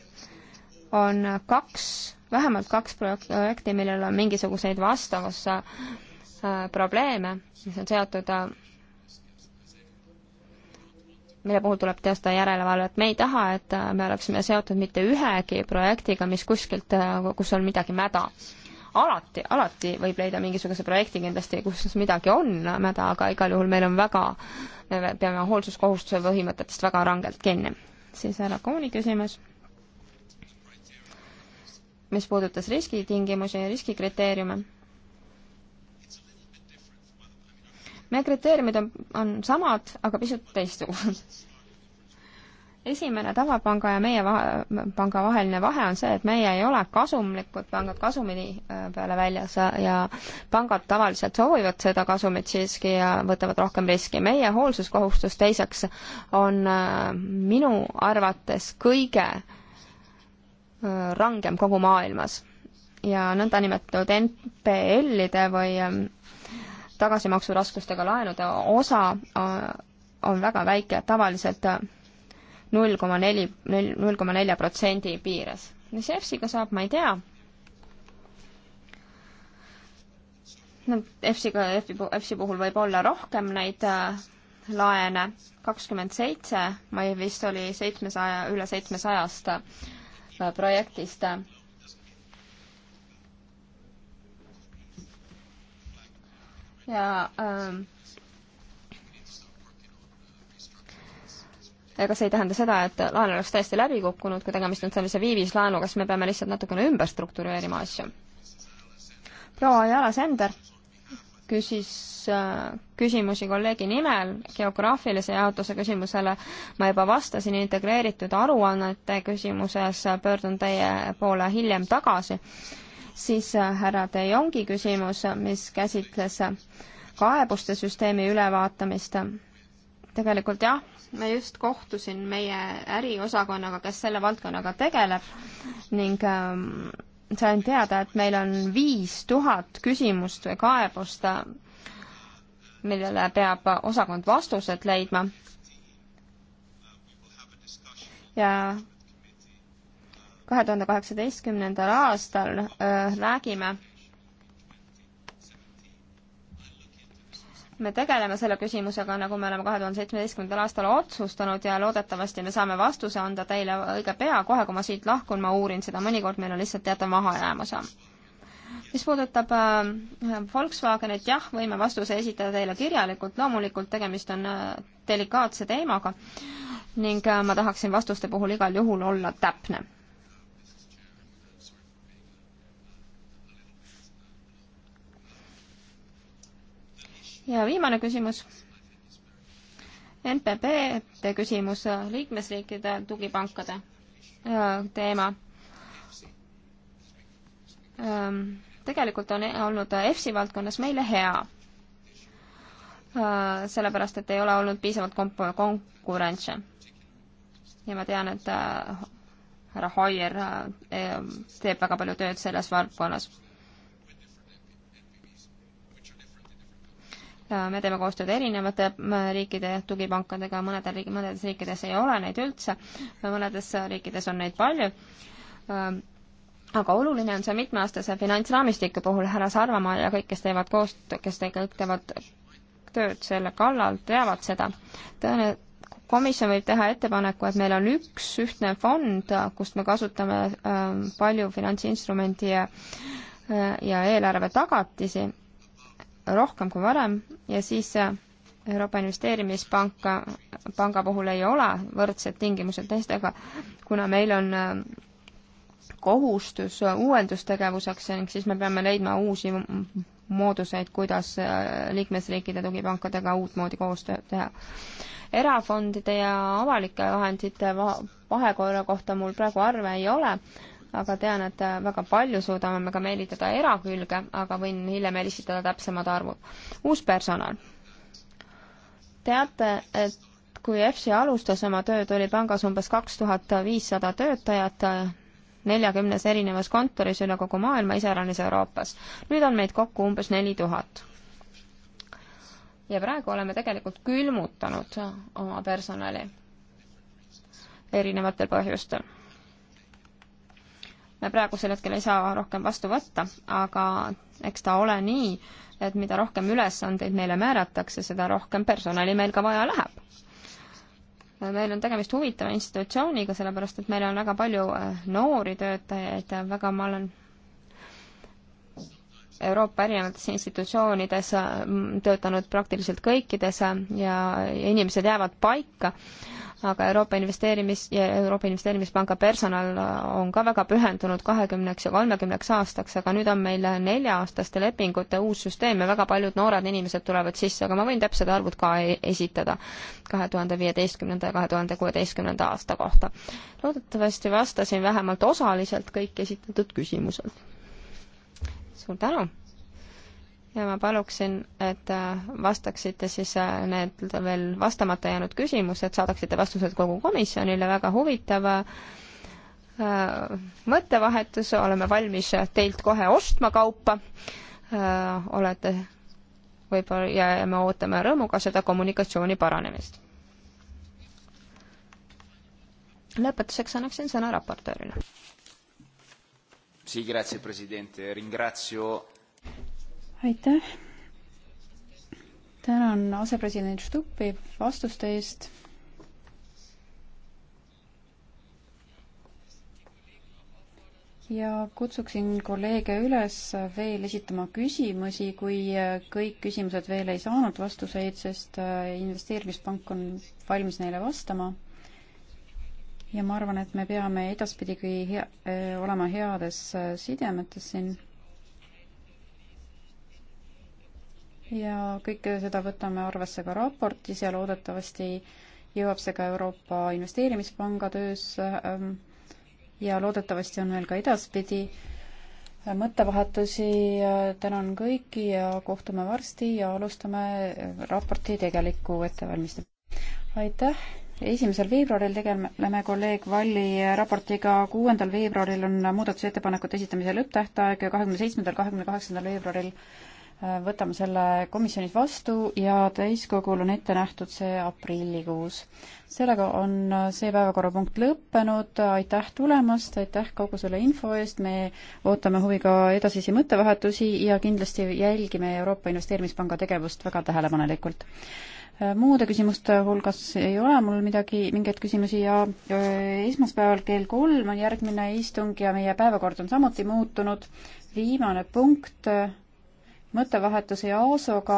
on kaks, vähemalt kaks projekti, millel on mingisuguseid vastavusse Äh, probleeme, mis on seotud äh, mille puhul tuleb teostada järelevalvet. me ei taha, et äh, me oleksime seotud mitte ühegi projektiga, mis kuskilt, kus on midagi mäda. alati, alati võib leida mingisuguse projekti kindlasti, kus midagi on mäda, aga igal juhul meil on väga, me peame hoolsuskohustuse põhimõtetest väga rangelt kinni. siis härra Kooni küsimus. mis puudutas riskitingimusi ja riskikriteeriume meie kriteeriumid on, on samad, aga pisut teistsugused esimene tavapanga ja meie vahe, panga vaheline vahe on see, et meie ei ole kasumlikud pangad kasumi äh, peale väljas ja pangad tavaliselt soovivad seda kasumit siiski ja võtavad rohkem riski. meie hoolsuskohustus teiseks on äh, minu arvates kõige äh, rangem kogu maailmas ja nõndanimetatud NPL-ide või ähm, tagasimaksuraskustega laenude osa äh, on väga väike, tavaliselt äh, null koma neli, null koma nelja protsendi piires. mis EFSiga saab, ma ei tea. no EFSiga, EFSi, EFSi puhul võib olla rohkem neid äh, laene, kakskümmend seitse, ma ei, vist oli seitsmesaja, üle seitsmesajast projektist ja ähm, ega see ei tähenda seda, et laen oleks täiesti läbi kukkunud, kui tegemist on sellise viivislaenuga, siis me peame lihtsalt natukene ümber struktureerima asju. proua Jala Sender küsis äh, küsimusi kolleegi nimel geograafilise jaotuse küsimusele. ma juba vastasin integreeritud aruannete küsimuses, pöördun teie poole hiljem tagasi siis äh, härra De Jongi küsimus, mis käsitles äh, kaebuste süsteemi ülevaatamist. tegelikult jah, ma just kohtusin meie äriosakonnaga, kes selle valdkonnaga tegeleb ning ähm, sain teada, et meil on viis tuhat küsimust või kaebust, äh, millele peab osakond vastused leidma. ja kahe tuhande kaheksateistkümnendal aastal nägime, äh, me tegeleme selle küsimusega, nagu me oleme kahe tuhande seitsmeteistkümnendal aastal otsustanud ja loodetavasti me saame vastuse anda teile õige pea, kohe kui ma siit lahkun, ma uurin seda, mõnikord meil on lihtsalt teatav mahajäämus. mis puudutab äh, Volkswagenit, jah, võime vastuse esitada teile kirjalikult, loomulikult tegemist on äh, delikaatse teemaga ning äh, ma tahaksin vastuste puhul igal juhul olla täpne ja viimane küsimus. NPB-de küsimus, äh, liikmesriikide tugipankade äh, teema. Ähm, tegelikult on e-, olnud EFSI valdkonnas meile hea äh, sellepärast, et ei ole olnud piisavalt komp-, konkurentse. ja ma tean, et härra Hoier e-, teeb väga palju tööd selles valdkonnas. Äh, me teeme koostööd erinevate äh, riikide tugipankadega, mõnedel riik-, mõnedes riikides ei ole neid üldse, mõnedes äh, riikides on neid palju, ähm, aga oluline on see mitmeaastase finantsraamistiku puhul, härra Sarvamaa ja kõik, kes teevad koost-, kes te kõik teevad tööd selle kallal, teavad seda. tõene-, komisjon võib teha ettepaneku, et meil on üks ühtne fond, kust me kasutame ähm, äh, palju finantsinstrumendi ja ja eelarve tagatisi rohkem kui varem ja siis äh, Euroopa Investeerimispanka, äh, panga puhul ei ole võrdsed tingimused teistega, kuna meil on äh, kohustus uuendustegevuseks ning siis me peame leidma uusi mooduseid, kuidas liikmesriikide tugipankadega uutmoodi koostööd teha. erafondide ja avalike vahendite vahekorra kohta mul praegu arve ei ole, aga tean, et äh, väga palju suudame me ka meelitada erakülge, aga võin hiljem helistada täpsemad arvud. uus personal. teate, et kui EFSI alustas oma tööd, oli pangas umbes kaks tuhat viissada töötajat äh, neljakümnes erinevas kontoris üle kogu maailma, iseäranis Euroopas. nüüd on meid kokku umbes neli tuhat. ja praegu oleme tegelikult külmutanud äh, oma personali erinevatel põhjustel me praegusel hetkel ei saa rohkem vastu võtta, aga eks ta ole nii, et mida rohkem ülesandeid meile määratakse, seda rohkem personali meil ka vaja läheb. meil on tegemist huvitava institutsiooniga, sellepärast et meil on väga palju eh, noori töötajaid ja väga, ma olen Euroopa erinevates institutsioonides eh, töötanud praktiliselt kõikides eh, ja inimesed jäävad paika aga Euroopa Investeerimis- ja Euroopa Investeerimispanga personal on ka väga pühendunud kahekümneks ja kolmekümneks aastaks, aga nüüd on meil nelja-aastaste lepingute uus süsteem ja väga paljud noored inimesed tulevad sisse, aga ma võin täpsed arvud ka e-, esitada kahe tuhande viieteistkümnenda ja kahe tuhande kuueteistkümnenda aasta kohta. loodetavasti vastasin vähemalt osaliselt kõik esitatud küsimused. suur tänu! ja ma paluksin, et äh, vastaksite siis äh, need veel vastamata jäänud küsimused, saadaksite vastused kogu komisjonile, väga huvitav äh, mõttevahetus, oleme valmis teilt kohe ostma kaupa, olete võib-olla ja me ootame rõõmuga seda kommunikatsiooni paranemist. lõpetuseks annaksin sõna raportöörile. Sì, grazie Presidente. Ringrazio aitäh. tänan asepresident Stuppi vastuste eest. ja kutsuksin kolleege üles veel esitama küsimusi, kui kõik küsimused veel ei saanud vastuseid, sest äh, investeerimispank on valmis neile vastama. ja ma arvan, et me peame edaspidigi hea, äh, olema heades äh, sidemetes siin ja kõike seda võtame arvesse ka raportis ja loodetavasti jõuab see ka Euroopa Investeerimispanga töös ähm, ja loodetavasti on meil ka edaspidi äh, mõttevahetusi. tänan kõiki ja kohtume varsti ja alustame äh, raporti tegelikku ettevalmistamist. aitäh! esimesel veebruaril tegeleme kolleeg Valli raportiga, kuuendal veebruaril on muudatusettepanekute esitamise lõpptähtaeg ja kahekümne seitsmendal, kahekümne kaheksandal veebruaril võtame selle komisjonis vastu ja täiskogul on ette nähtud see aprillikuus. sellega on see päevakorrapunkt lõppenud, aitäh tulemast, aitäh kogu selle info eest, me ootame huviga edasisi mõttevahetusi ja kindlasti jälgime Euroopa Investeerimispanga tegevust väga tähelepanelikult. muude küsimuste hulgas ei ole mul midagi, mingeid küsimusi ja esmaspäeval kell kolm on järgmine istung ja meie päevakord on samuti muutunud, viimane punkt mõttevahetuse ja ASO-ga,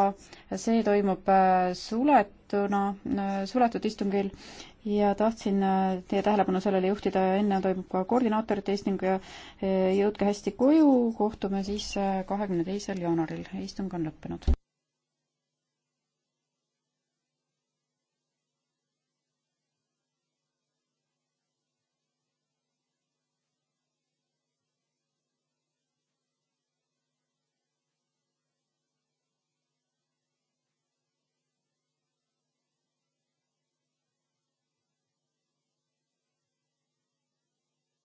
see toimub äh, suletuna, äh, suletud istungil ja tahtsin äh, teie tähelepanu sellele juhtida ja enne toimub ka koordinaatorite istung ja jõudke hästi koju, kohtume siis kahekümne teisel jaanuaril, istung on lõppenud.